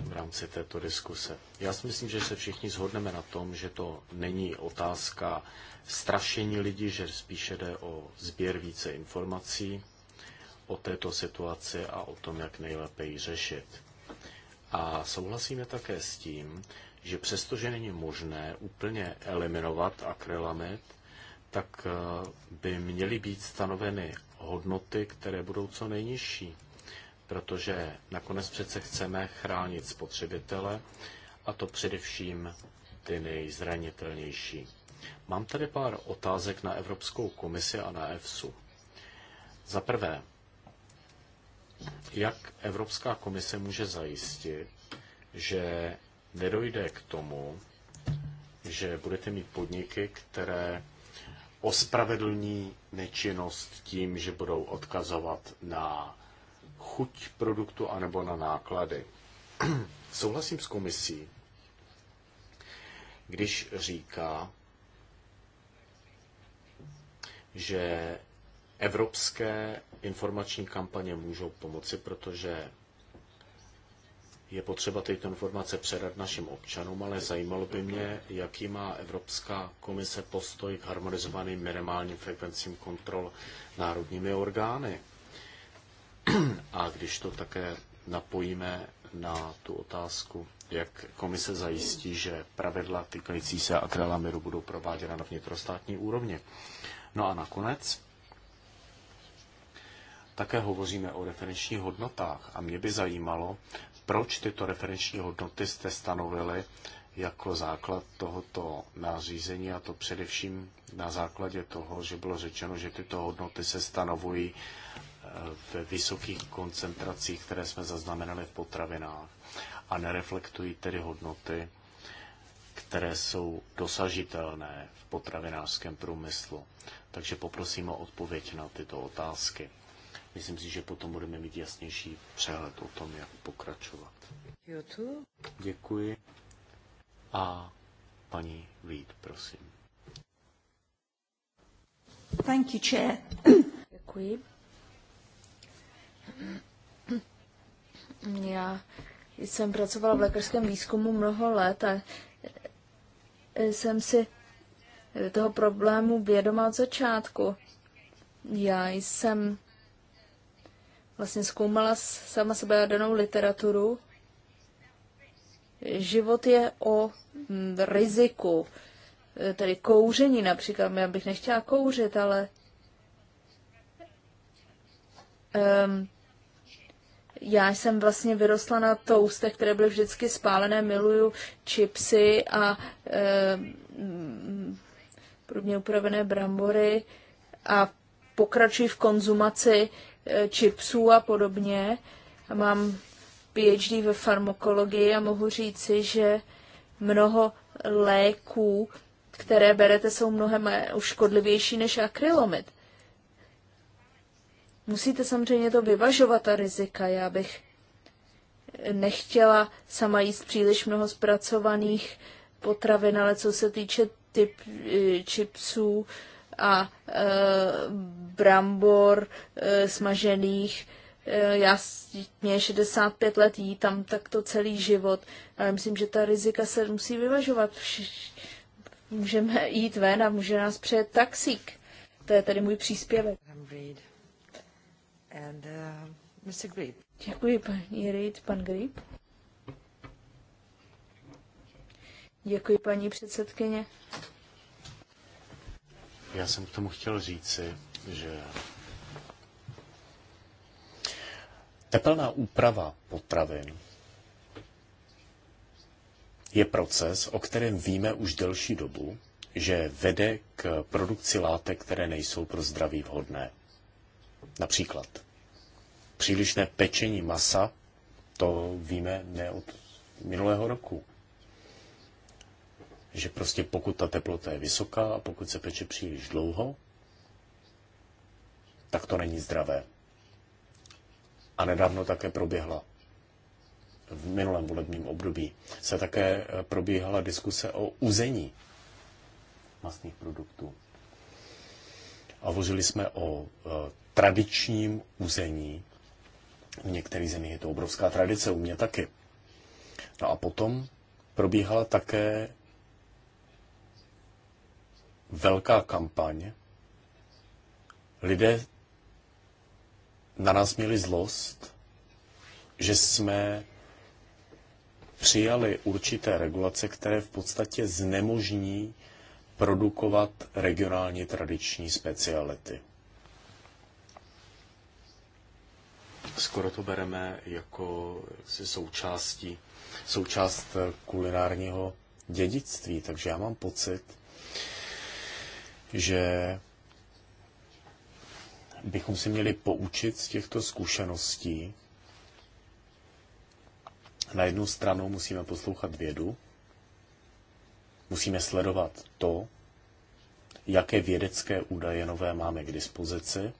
v rámci této diskuse. Já si myslím, že se všichni shodneme na tom, že to není otázka strašení lidí, že spíše jde o sběr více informací o této situaci a o tom, jak nejlépe ji řešit. A souhlasíme také s tím, že přestože není možné úplně eliminovat akrylamid, tak eh, by měly být stanoveny hodnoty, které budou co nejnižší, protože nakonec přece chceme chránit spotřebitele, a to především ty nejzranitelnější. Mám tady pár otázek na Evropskou komisi a na EFSU. Za prvé, jak Evropská komise může zajistit, že nedojde k tomu, že budete mít podniky, které ospravedlní nečinnost tím, že budou odkazovat na chuť produktu anebo na náklady. (clears throat) Souhlasím s komisí, když říká, že evropské informační kampaně můžou pomoci, protože je potřeba tyto informace předat našim občanům, ale zajímalo by mě, jaký má Evropská komise postoj k harmonizovaným minimálním frekvencím kontrol národními orgány. (clears throat) A když to také napojíme na tu otázku, jak komise zajistí, že pravidla týkající se akrylamidu budou prováděna na vnitrostátní úrovni. No a nakonec, také hovoříme o referenčních hodnotách a mě by zajímalo, proč tyto referenční hodnoty jste stanovili jako základ tohoto nařízení a to především na základě toho, že bylo řečeno, že tyto hodnoty se stanovují eh, ve vysokých koncentracích, které jsme zaznamenali v potravinách a nereflektují tedy hodnoty, které jsou dosažitelné v potravinářském průmyslu. Takže poprosím o odpověď na tyto otázky. Myslím si, že potom budeme mít jasnější přehled o tom, jak pokračovat. YouTube. Děkuji. A paní Vít, prosím. Thank you, chair. Děkuji. Já jsem pracovala v lékařském výzkumu mnoho let a jsem si toho problému vědoma od začátku. Já jsem vlastně zkoumala sama sebe danou literaturu. Život je o mm, riziku, e, tedy kouření například. Já bych nechtěla kouřit, ale um, já jsem vlastně vyrostla na toustech, které byly vždycky spálené, miluju chipsy a um, pro upravené brambory a pokračuji v konzumaci čipsů eh, a podobně. A mám PhD ve farmakologii a mohu říci, že mnoho léků, které berete, jsou mnohem eh, škodlivější než akrylomid. Musíte samozřejmě to vyvažovat, a rizika. Já bych nechtěla sama jíst příliš mnoho zpracovaných potravin, ale co se týče typ, čipsů, eh, a e, brambor e, smažených. E, já, mě 65 let, jí tam takto celý život, ale myslím, že ta rizika se musí vyvažovat. Můžeme jít ven a může nás přejet taxík. To je tady můj příspěvek. Uh, Děkuji, paní Reid, pan Grip. Děkuji, paní předsedkyně. Já jsem k tomu chtěl říci, že tepelná úprava potravin je proces, o kterém víme už delší dobu, že vede k produkci látek, které nejsou pro zdraví vhodné. Například přílišné pečení masa, to víme ne od minulého roku že prostě pokud ta teplota je vysoká a pokud se peče příliš dlouho, tak to není zdravé. A nedávno také proběhla v minulém volebním období se také eh, probíhala diskuse o uzení masných produktů. A hovořili jsme o eh, tradičním uzení. V některých zemích je to obrovská tradice, u mě taky. No a potom probíhala také velká kampaň. Lidé na nás měli zlost, že jsme přijali určité regulace, které v podstatě znemožní produkovat regionální tradiční speciality. Skoro to bereme jako součástí, součást kulinárního dědictví, takže já mám pocit, že bychom si měli poučit z těchto zkušeností. Na jednu stranu musíme poslouchat vědu, musíme sledovat to, jaké vědecké údaje nové máme k dispozici,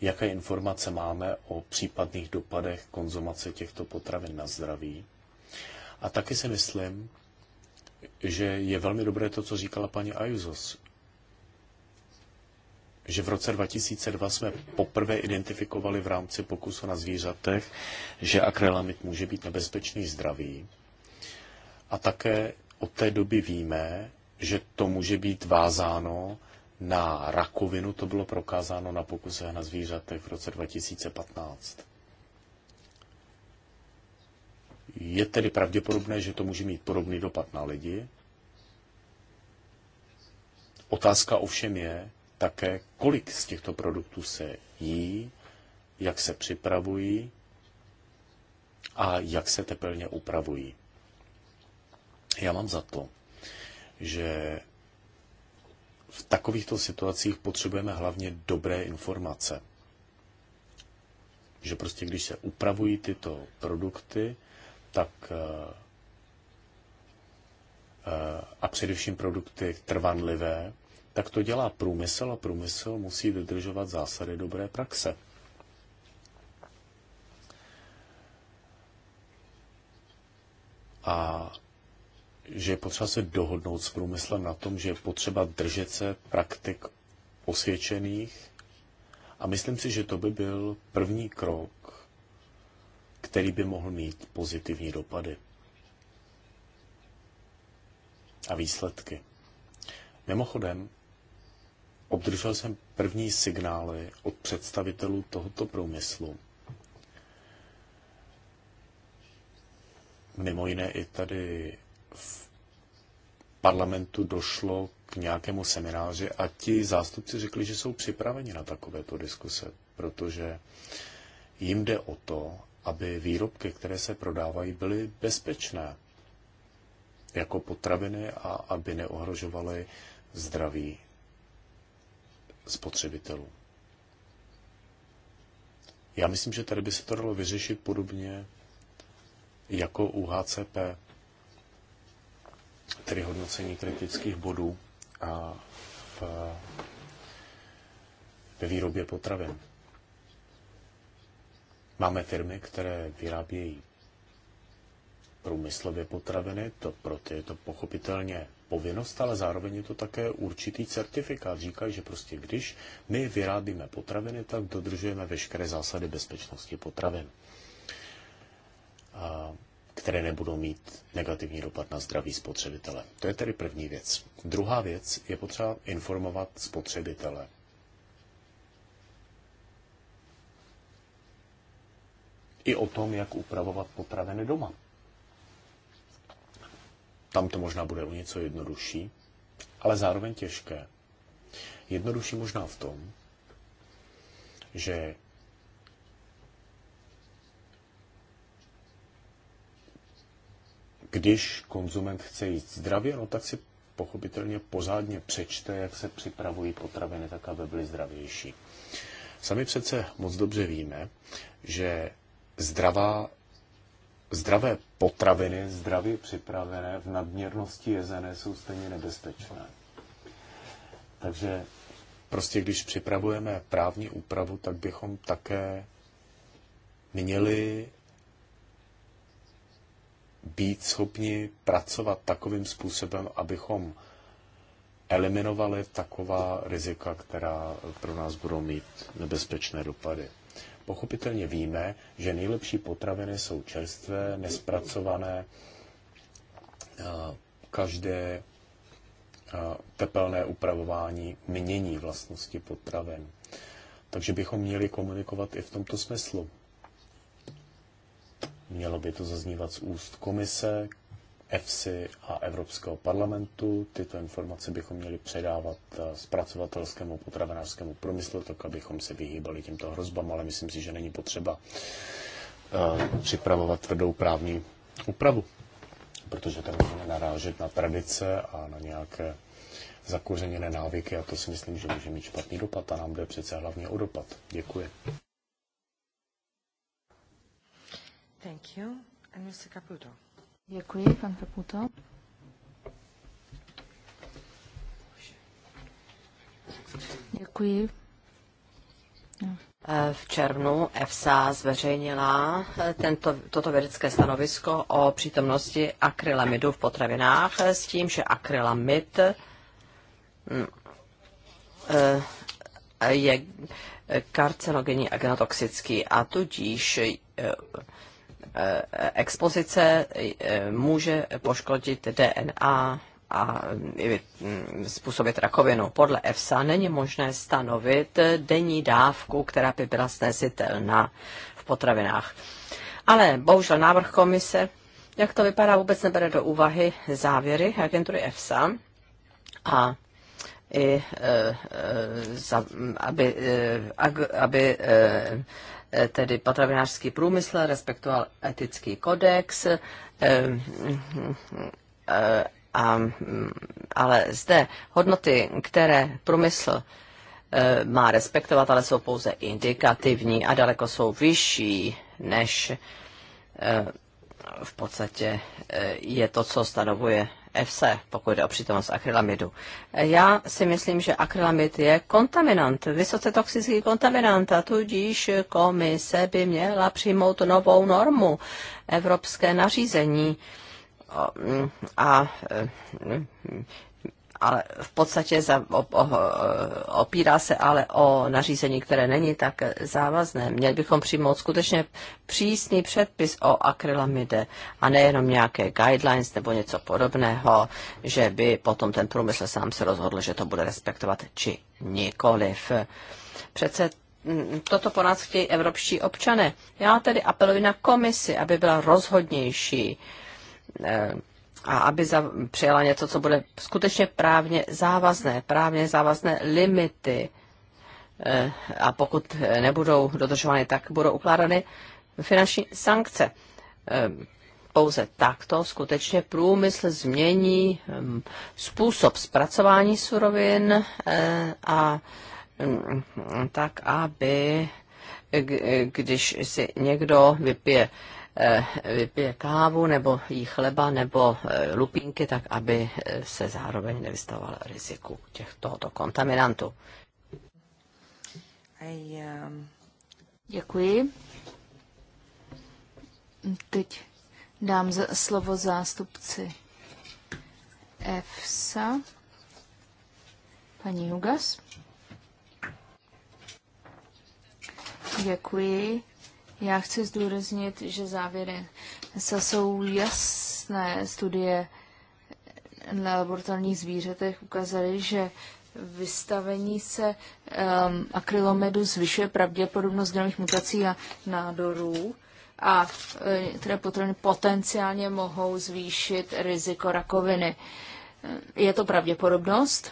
jaké informace máme o případných dopadech konzumace těchto potravin na zdraví. A taky si myslím, že je velmi dobré to, co říkala paní Ajuzos, že v roce 2002 jsme poprvé identifikovali v rámci pokusu na zvířatech, že akrylamid může být nebezpečný zdraví. A také od té doby víme, že to může být vázáno na rakovinu, to bylo prokázáno na pokusech na zvířatech v roce 2015. Je tedy pravděpodobné, že to může mít podobný dopad na lidi. Otázka ovšem je také, kolik z těchto produktů se jí, jak se připravují a jak se tepelně upravují. Já mám za to, že v takovýchto situacích potřebujeme hlavně dobré informace. Že prostě když se upravují tyto produkty, tak eh, eh, a především produkty trvanlivé, tak to dělá průmysl a průmysl musí dodržovat zásady dobré praxe. A že je potřeba se dohodnout s průmyslem na tom, že je potřeba držet se praktik osvědčených. A myslím si, že to by byl první krok který by mohl mít pozitivní dopady a výsledky. Mimochodem, obdržel jsem první signály od představitelů tohoto průmyslu. Mimo jiné i tady v parlamentu došlo k nějakému semináři a ti zástupci řekli, že jsou připraveni na takovéto diskuse, protože jim jde o to, aby výrobky, které se prodávají, byly bezpečné jako potraviny a aby neohrožovaly zdraví spotřebitelů. Já myslím, že tady by se to dalo vyřešit podobně jako u HCP, tedy hodnocení kritických bodů a v, ve výrobě potravin. Máme firmy, které vyrábějí průmyslově potraviny, to pro ty je to pochopitelně povinnost, ale zároveň je to také určitý certifikát. Říkají, že prostě když my vyrábíme potraviny, tak dodržujeme veškeré zásady bezpečnosti potravin, které nebudou mít negativní dopad na zdraví spotřebitele. To je tedy první věc. Druhá věc je potřeba informovat spotřebitele i o tom, jak upravovat potraviny doma. Tam to možná bude o něco jednodušší, ale zároveň těžké. Jednodušší možná v tom, že když konzument chce jít zdravě, no tak si pochopitelně pořádně přečte, jak se připravují potraviny tak, aby byly zdravější. Sami přece moc dobře víme, že zdravá, zdravé potraviny, zdravě připravené v nadměrnosti jezené jsou stejně nebezpečné. Takže prostě když připravujeme právní úpravu, tak bychom také měli být schopni pracovat takovým způsobem, abychom eliminovali taková rizika, která pro nás budou mít nebezpečné dopady. Pochopitelně víme, že nejlepší potraviny jsou čerstvé, nespracované, každé tepelné upravování mění vlastnosti potravin. Takže bychom měli komunikovat i v tomto smyslu. Mělo by to zaznívat z úst komise, EFSI a Evropského parlamentu. Tyto informace bychom měli předávat eh, zpracovatelskému potravinářskému průmyslu, tak abychom se vyhýbali těmto hrozbám, ale myslím si, že není potřeba eh, připravovat tvrdou právní úpravu, protože tam můžeme narážet na tradice a na nějaké zakořeněné návyky a to si myslím, že může mít špatný dopad a nám jde přece hlavně o dopad. Děkuji. Thank you. And Mr. Caputo. Děkuji, pan Kaputo. Děkuji. V červnu EFSA zveřejnila eh, tento, toto vědecké stanovisko o přítomnosti akrylamidu v potravinách eh, s tím, že akrylamid mm, eh, je karcinogenní a genotoxický a tudíž Eh, expozice eh, může poškodit DNA a eh, hm, způsobit rakovinu. Podle EFSA není možné stanovit denní dávku, která by byla snesitelná v potravinách. Ale bohužel návrh komise, jak to vypadá, vůbec nebere do úvahy závěry agentury EFSA a i, e, e, za, aby, e, ag, aby e, Eh, tedy potravinářský průmysl, respektoval etický kodex, eh, eh, a, ale zde hodnoty, které průmysl má respektovat, ale jsou pouze indikativní a daleko jsou vyšší než v podstatě eh, je to, co stanovuje FC, pokud jde o přítomnost akrylamidu. Já si myslím, že akrylamid je kontaminant, vysoce toxický kontaminant a tudíž komise by měla přijmout novou normu evropské nařízení mm, a eh, ale v podstatě za, o, o, opírá se ale o nařízení, které není tak závazné. Měli bychom přijmout skutečně přísný předpis o akrylamide a nejenom nějaké guidelines nebo něco podobného, že by potom ten průmysl sám se rozhodl, že to bude respektovat či nikoliv. Přece mm, toto po nás chtějí evropští občané. Já tedy apeluji na komisi, aby byla rozhodnější. Eh, a aby za, přijala něco, co bude skutečně právně závazné, právně závazné limity. Eh, a pokud nebudou dodržovány, tak budou ukládány finanční sankce. Eh, pouze takto skutečně průmysl změní hm, způsob zpracování surovin eh, a hm, tak, aby když si někdo vypije Eh, vypije kávu nebo jí chleba nebo eh, lupínky, tak aby eh, se zároveň nevystavoval riziku těch tohoto kontaminantu. Um, Děkuji. Teď dám slovo zástupci EFSA, paní Hugas. Děkuji. Já chci zdůraznit, že závěry se jsou jasné. Studie na laboratorních zvířatech ukázaly, že vystavení se um, akrylomedu zvyšuje pravděpodobnost dělných mutací a nádorů a které eh, potraviny potenciálně mohou zvýšit riziko rakoviny. Je to pravděpodobnost?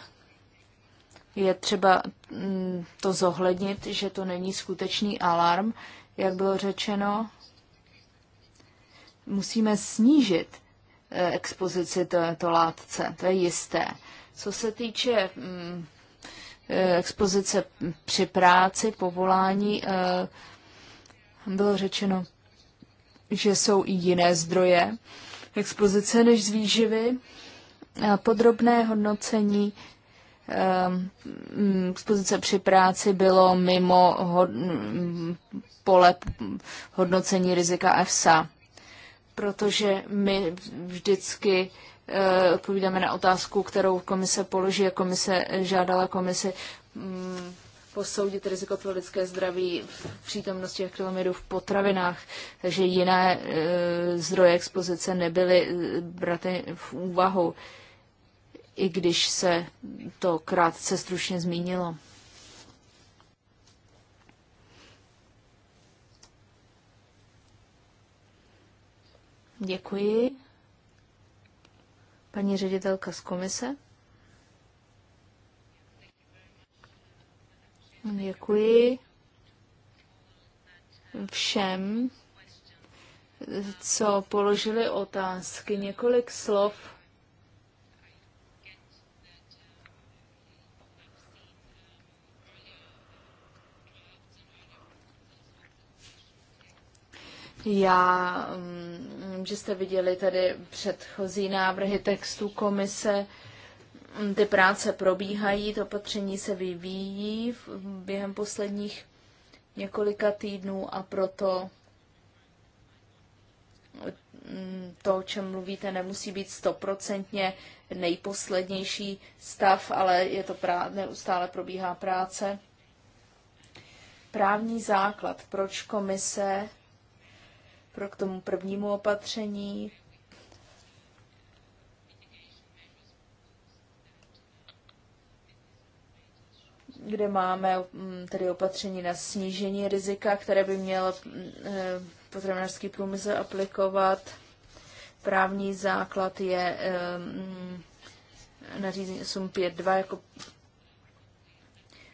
Je třeba mm, to zohlednit, že to není skutečný alarm, jak bylo řečeno, musíme snížit eh, expozici to látce, to je jisté. Co se týče mm, eh, expozice při práci, povolání, eh, bylo řečeno, že jsou i jiné zdroje expozice než z výživy. Podrobné hodnocení expozice ehm, při práci bylo mimo hod, pole hodnocení rizika EFSA, protože my vždycky eh, odpovídáme na otázku, kterou komise položí a komise žádala komisi mm, posoudit riziko pro lidské zdraví v přítomnosti akrylamidů v potravinách, takže jiné eh, zdroje expozice nebyly eh, braty v úvahu i když se to krátce stručně zmínilo. Děkuji. Paní ředitelka z komise. Děkuji všem, co položili otázky. Několik slov Já, mm, že jste viděli tady předchozí návrhy textu komise, ty práce probíhají, to opatření se vyvíjí během posledních několika týdnů a proto mm, to, o čem mluvíte, nemusí být stoprocentně nejposlednější stav, ale je to prá- neustále probíhá práce. Právní základ, proč komise pro k tomu prvnímu opatření. kde máme mm, tedy opatření na snížení rizika, které by měl mm, eh, potravinářský průmysl aplikovat. Právní základ je eh, mm, nařízení 852 jako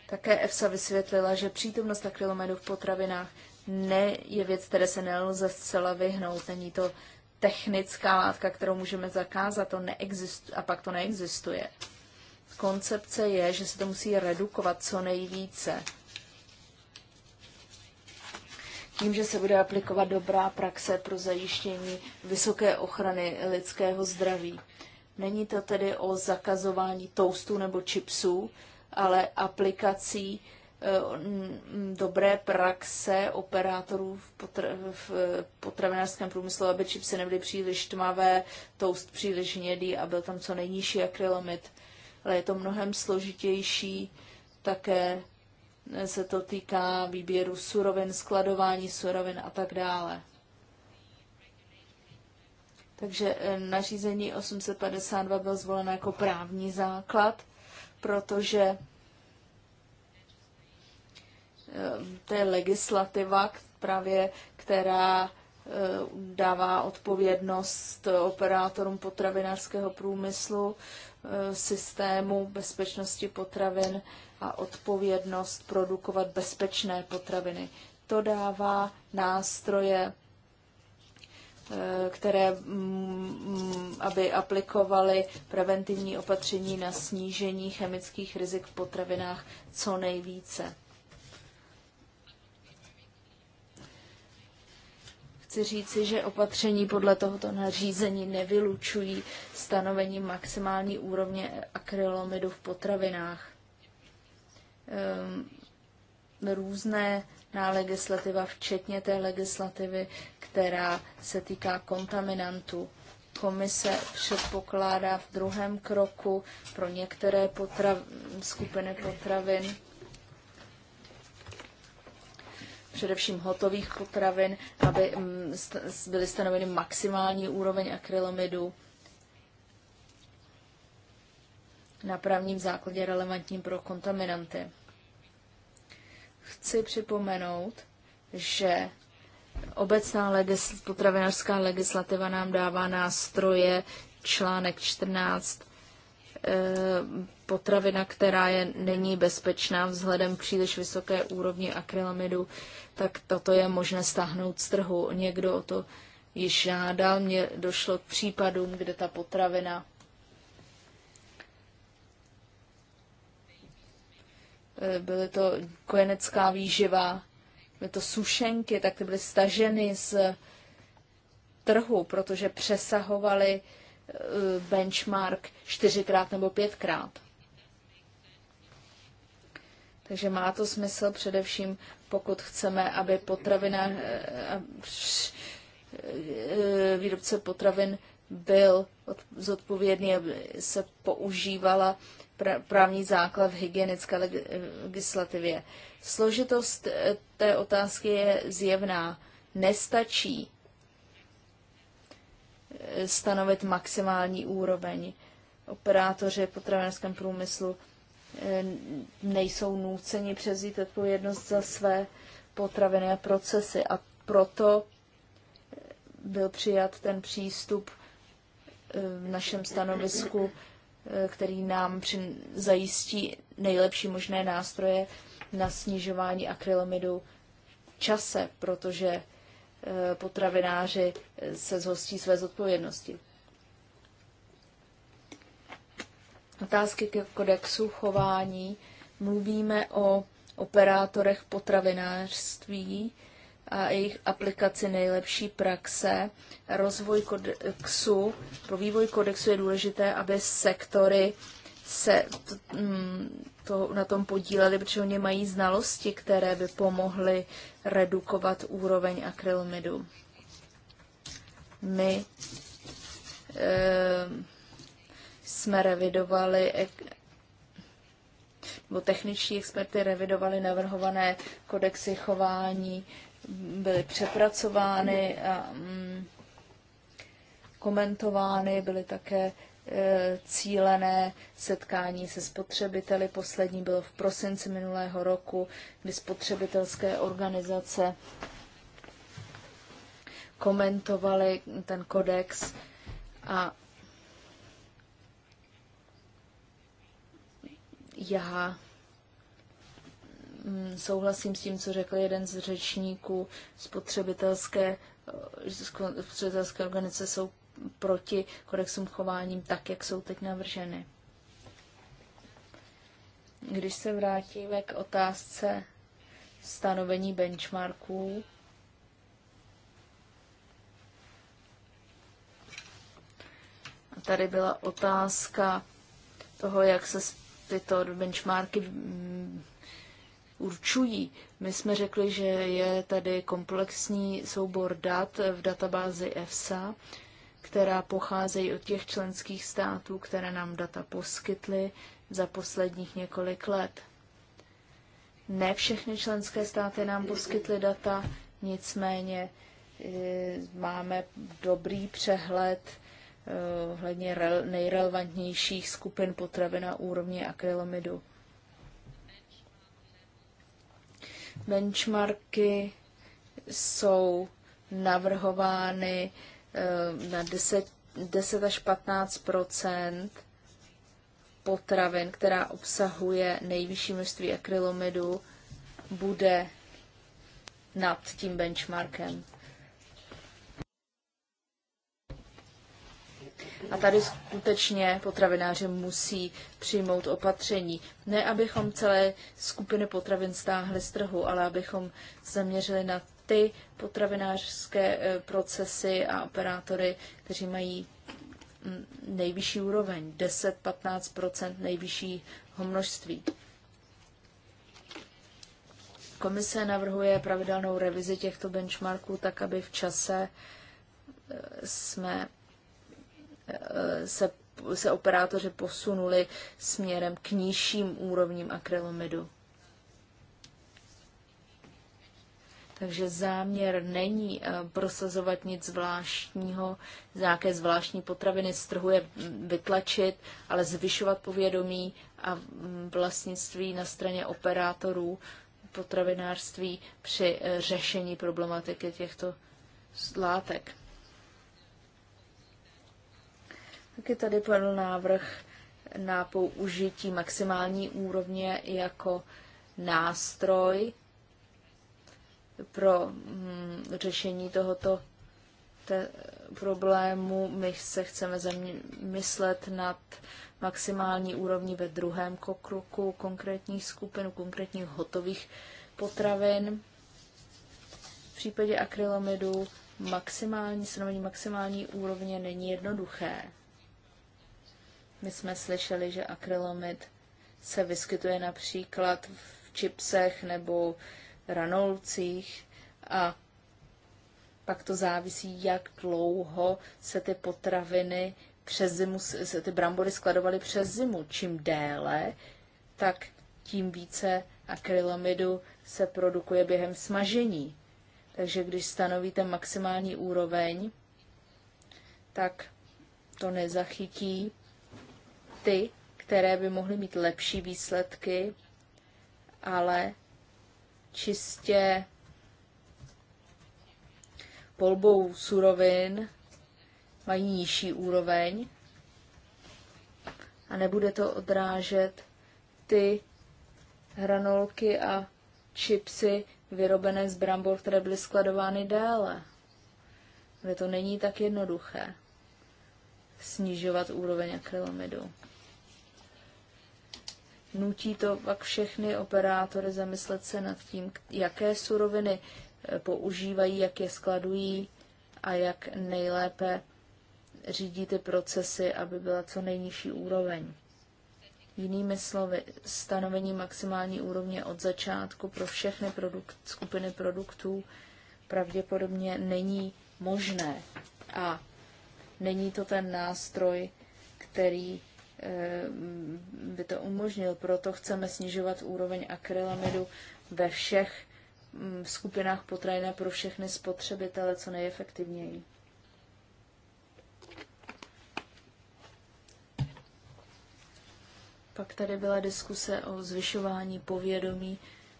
také EFSA vysvětlila, že přítomnost akrylomedu v potravinách ne, je věc, které se nelze zcela vyhnout. Není to technická látka, kterou můžeme zakázat, to neexistuje, a pak to neexistuje. Koncepce je, že se to musí redukovat co nejvíce. Tím, že se bude aplikovat dobrá praxe pro zajištění vysoké ochrany lidského zdraví. Není to tedy o zakazování toastů nebo chipsů, ale aplikací Eh, dobré praxe operátorů v, potr- v potravinářském průmyslu, aby čipsy nebyly příliš tmavé, toast příliš hnědý a byl tam co nejnižší akrylomid. Ale je to mnohem složitější, také eh, se to týká výběru surovin, skladování surovin a tak dále. Takže eh, nařízení 852 byl zvoleno jako právní základ, protože to je legislativa právě, která eh, dává odpovědnost operátorům potravinářského průmyslu, eh, systému bezpečnosti potravin a odpovědnost produkovat bezpečné potraviny. To dává nástroje, eh, které, mm, aby aplikovaly preventivní opatření na snížení chemických rizik v potravinách co nejvíce. chci říci, že opatření podle tohoto nařízení nevylučují stanovení maximální úrovně akrylomidu v potravinách. Ehm, různé na legislativa, včetně té legislativy, která se týká kontaminantů. Komise předpokládá v druhém kroku pro některé potrav, skupiny potravin především hotových potravin, aby mm, byly stanoveny maximální úroveň akrylamidu na právním základě relevantním pro kontaminanty. Chci připomenout, že obecná legis- potravinářská legislativa nám dává nástroje článek 14 potravina, která je není bezpečná vzhledem příliš vysoké úrovni akrylamidu, tak toto je možné stáhnout z trhu. Někdo o to již žádal, mně došlo k případům, kde ta potravina eh, byly to kojenecká výživa, byly to sušenky, tak ty byly staženy z trhu, protože přesahovaly eh, benchmark čtyřikrát nebo pětkrát. Takže má to smysl především, pokud chceme, aby potravina, eh, eh, eh, výrobce potravin byl zodpovědný, aby se používala právní základ v hygienické legislativě. Složitost té otázky je zjevná. Nestačí stanovit maximální úroveň. Operátoři potravinářském průmyslu Eh, nejsou nuceni převzít odpovědnost za své potraviny a procesy. A proto byl přijat ten přístup eh, v našem stanovisku, eh, který nám zajistí nejlepší možné nástroje na snižování akrylamidu čase, protože potravináři se zhostí své zodpovědnosti. otázky ke kodexu chování. Mluvíme o operátorech potravinářství a jejich aplikaci nejlepší praxe. Rozvoj kodexu, pro vývoj kodexu je důležité, aby sektory se mm, to, na tom podíleli, protože oni mají znalosti, které by pomohly redukovat úroveň akrylamidu. My e, jsme revidovali, nebo techničtí experty revidovali navrhované kodexy chování, byly přepracovány a mm, komentovány, byly také e, cílené setkání se spotřebiteli. Poslední bylo v prosinci minulého roku, kdy spotřebitelské organizace komentovaly ten kodex a Já mm, souhlasím s tím, co řekl jeden z řečníků. Spotřebitelské, eh, spotřebitelské organice jsou proti kodexům chováním tak, jak jsou teď navrženy. Když se vrátíme k otázce stanovení benchmarků, tady byla otázka toho, jak se tyto benchmarky mm, určují. My jsme řekli, že je tady komplexní soubor dat v databázi EFSA, která pocházejí od těch členských států, které nám data poskytly za posledních několik let. Ne všechny členské státy nám poskytly data, nicméně eh, máme dobrý přehled Eh, ohledně nejrelevantnějších skupin potravy na úrovni akrylamidu. Benchmarky jsou navrhovány eh, na 10, 10 až 15 potravin, která obsahuje nejvyšší množství akrylomidu, bude nad tím benchmarkem. A tady skutečně potravináři musí přijmout opatření. Ne, abychom celé skupiny potravin stáhli z trhu, ale abychom zaměřili na ty potravinářské eh, procesy a operátory, kteří mají mm, nejvyšší úroveň, 10-15 nejvyššího množství. Komise navrhuje pravidelnou revizi těchto benchmarků tak, aby v čase eh, jsme se, se operátoři posunuli směrem k nižším úrovním akrylamidu. Takže záměr není eh, prosazovat nic zvláštního, nějaké zvláštní potraviny z trhu je mm, vytlačit, ale zvyšovat povědomí a mm, vlastnictví na straně operátorů potravinářství při eh, řešení problematiky těchto látek. Taky tady padl návrh na použití maximální úrovně jako nástroj pro mm, řešení tohoto te- problému. My se chceme myslet nad maximální úrovní ve druhém kroku konkrétních skupin, konkrétních hotových potravin. V případě akrylamidu maximální, stanovení maximální úrovně není jednoduché. My jsme slyšeli, že akrylamid se vyskytuje například v čipsech nebo ranolcích a pak to závisí, jak dlouho se ty potraviny přes zimu, se ty brambory skladovaly přes zimu. Čím déle, tak tím více akrylamidu se produkuje během smažení. Takže když stanovíte maximální úroveň, tak to nezachytí ty, které by mohly mít lepší výsledky, ale čistě polbou surovin mají nižší úroveň a nebude to odrážet ty hranolky a čipsy vyrobené z brambor, které byly skladovány déle. Kde to není tak jednoduché snižovat úroveň akrylamidu. Nutí to pak všechny operátory zamyslet se nad tím, jaké suroviny eh, používají, jak je skladují a jak nejlépe řídí ty procesy, aby byla co nejnižší úroveň. Jinými slovy, stanovení maximální úrovně od začátku pro všechny produkt, skupiny produktů pravděpodobně není možné. A není to ten nástroj, který by to umožnil. Proto chceme snižovat úroveň akrylamidu ve všech mm, skupinách potravin pro všechny spotřebitele co nejefektivněji. Pak tady byla diskuse o zvyšování povědomí.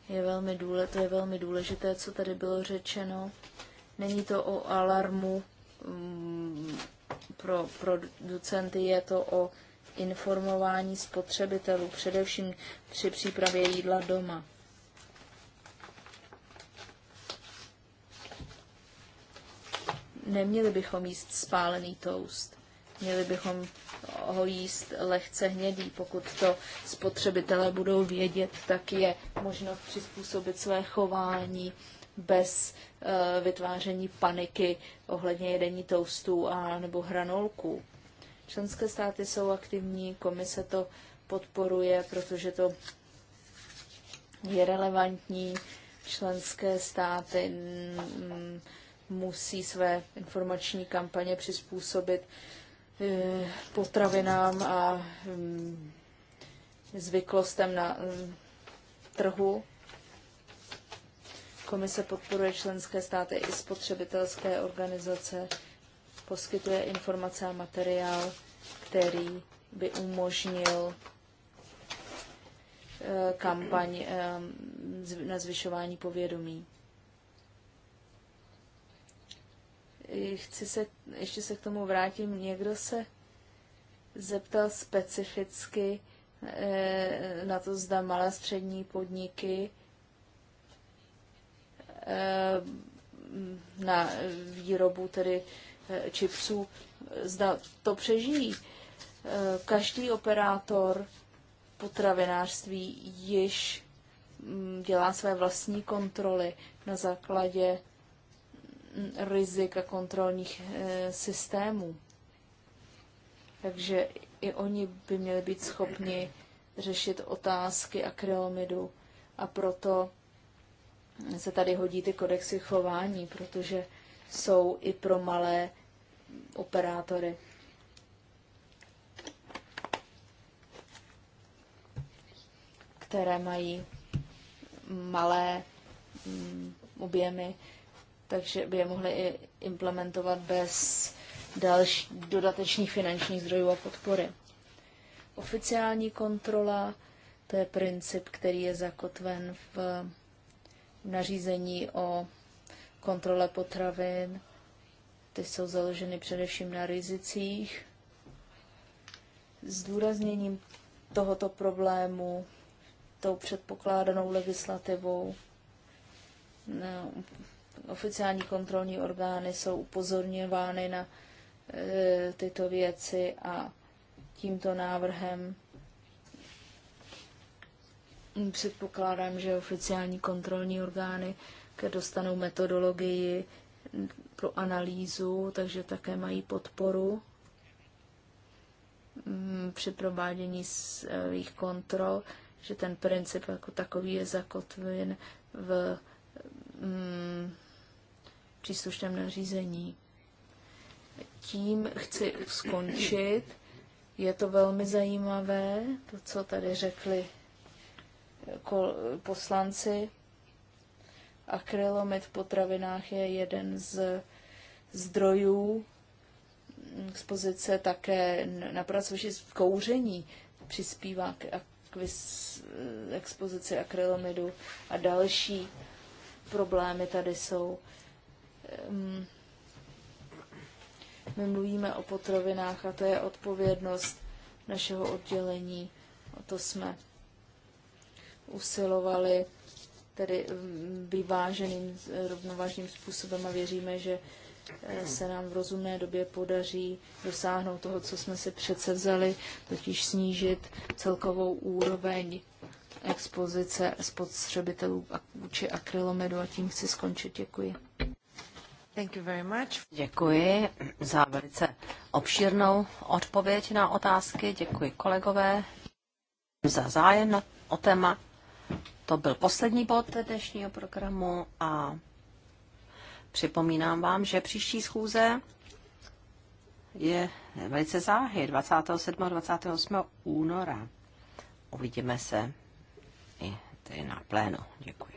Je velmi důle, to je velmi důležité, co tady bylo řečeno. Není to o alarmu mm, pro producenty, je to o informování spotřebitelů, především při přípravě jídla doma. Neměli bychom jíst spálený toast. Měli bychom ho jíst lehce hnědý. Pokud to spotřebitelé budou vědět, tak je možno přizpůsobit své chování bez eh, vytváření paniky ohledně jedení toastů a nebo hranolků. Členské státy jsou aktivní, komise to podporuje, protože to je relevantní. Členské státy mm, musí své informační kampaně přizpůsobit eh, potravinám a mm, zvyklostem na mm, trhu. Komise podporuje členské státy i spotřebitelské organizace poskytuje informace a materiál, který by umožnil eh, kampaň eh, na zvyšování povědomí. Chci se, ještě se k tomu vrátím. Někdo se zeptal specificky eh, na to, zda malé střední podniky na výrobu tedy Eh, čipsů, eh, zda to přežijí. Eh, každý operátor potravinářství již mm, dělá své vlastní kontroly na základě mm, rizik a kontrolních systémů. Takže i oni by měli být schopni řešit otázky akrylamidu a proto se tady hodí ty kodexy chování, protože jsou i pro malé operátory. které mají malé mm, objemy, takže by je mohli i implementovat bez dalších dodatečných finančních zdrojů a podpory. Oficiální kontrola, to je princip, který je zakotven v nařízení o kontrole potravin. Ty jsou založeny především na rizicích. Zdůrazněním tohoto problému, tou předpokládanou legislativou, no, oficiální kontrolní orgány jsou upozorňovány na e, tyto věci a tímto návrhem předpokládám, že oficiální kontrolní orgány dostanou metodologii pro analýzu, takže také mají podporu mm, při provádění svých kontrol, že ten princip jako takový je zakotven v mm, příslušném nařízení. Tím chci skončit. Je to velmi zajímavé, to, co tady řekli poslanci. Akrylomid v potravinách je jeden z zdrojů expozice také na pracovišti kouření přispívá k, expozici akrylomidu a další problémy tady jsou. My mluvíme o potravinách a to je odpovědnost našeho oddělení. O to jsme usilovali tedy eh, vyváženým, eh, rovnovážným způsobem a věříme, že eh, se nám v rozumné době podaří dosáhnout toho, co jsme si přece vzali, totiž snížit celkovou úroveň expozice spotřebitelů vůči akrylomedu a tím chci skončit. Děkuji. Thank you very much. Děkuji za velice obšírnou odpověď na otázky. Děkuji kolegové za zájem o téma. To byl poslední bod dnešního programu a připomínám vám, že příští schůze je velice záhy 27. a 28. února. Uvidíme se i tedy na plénu. Děkuji.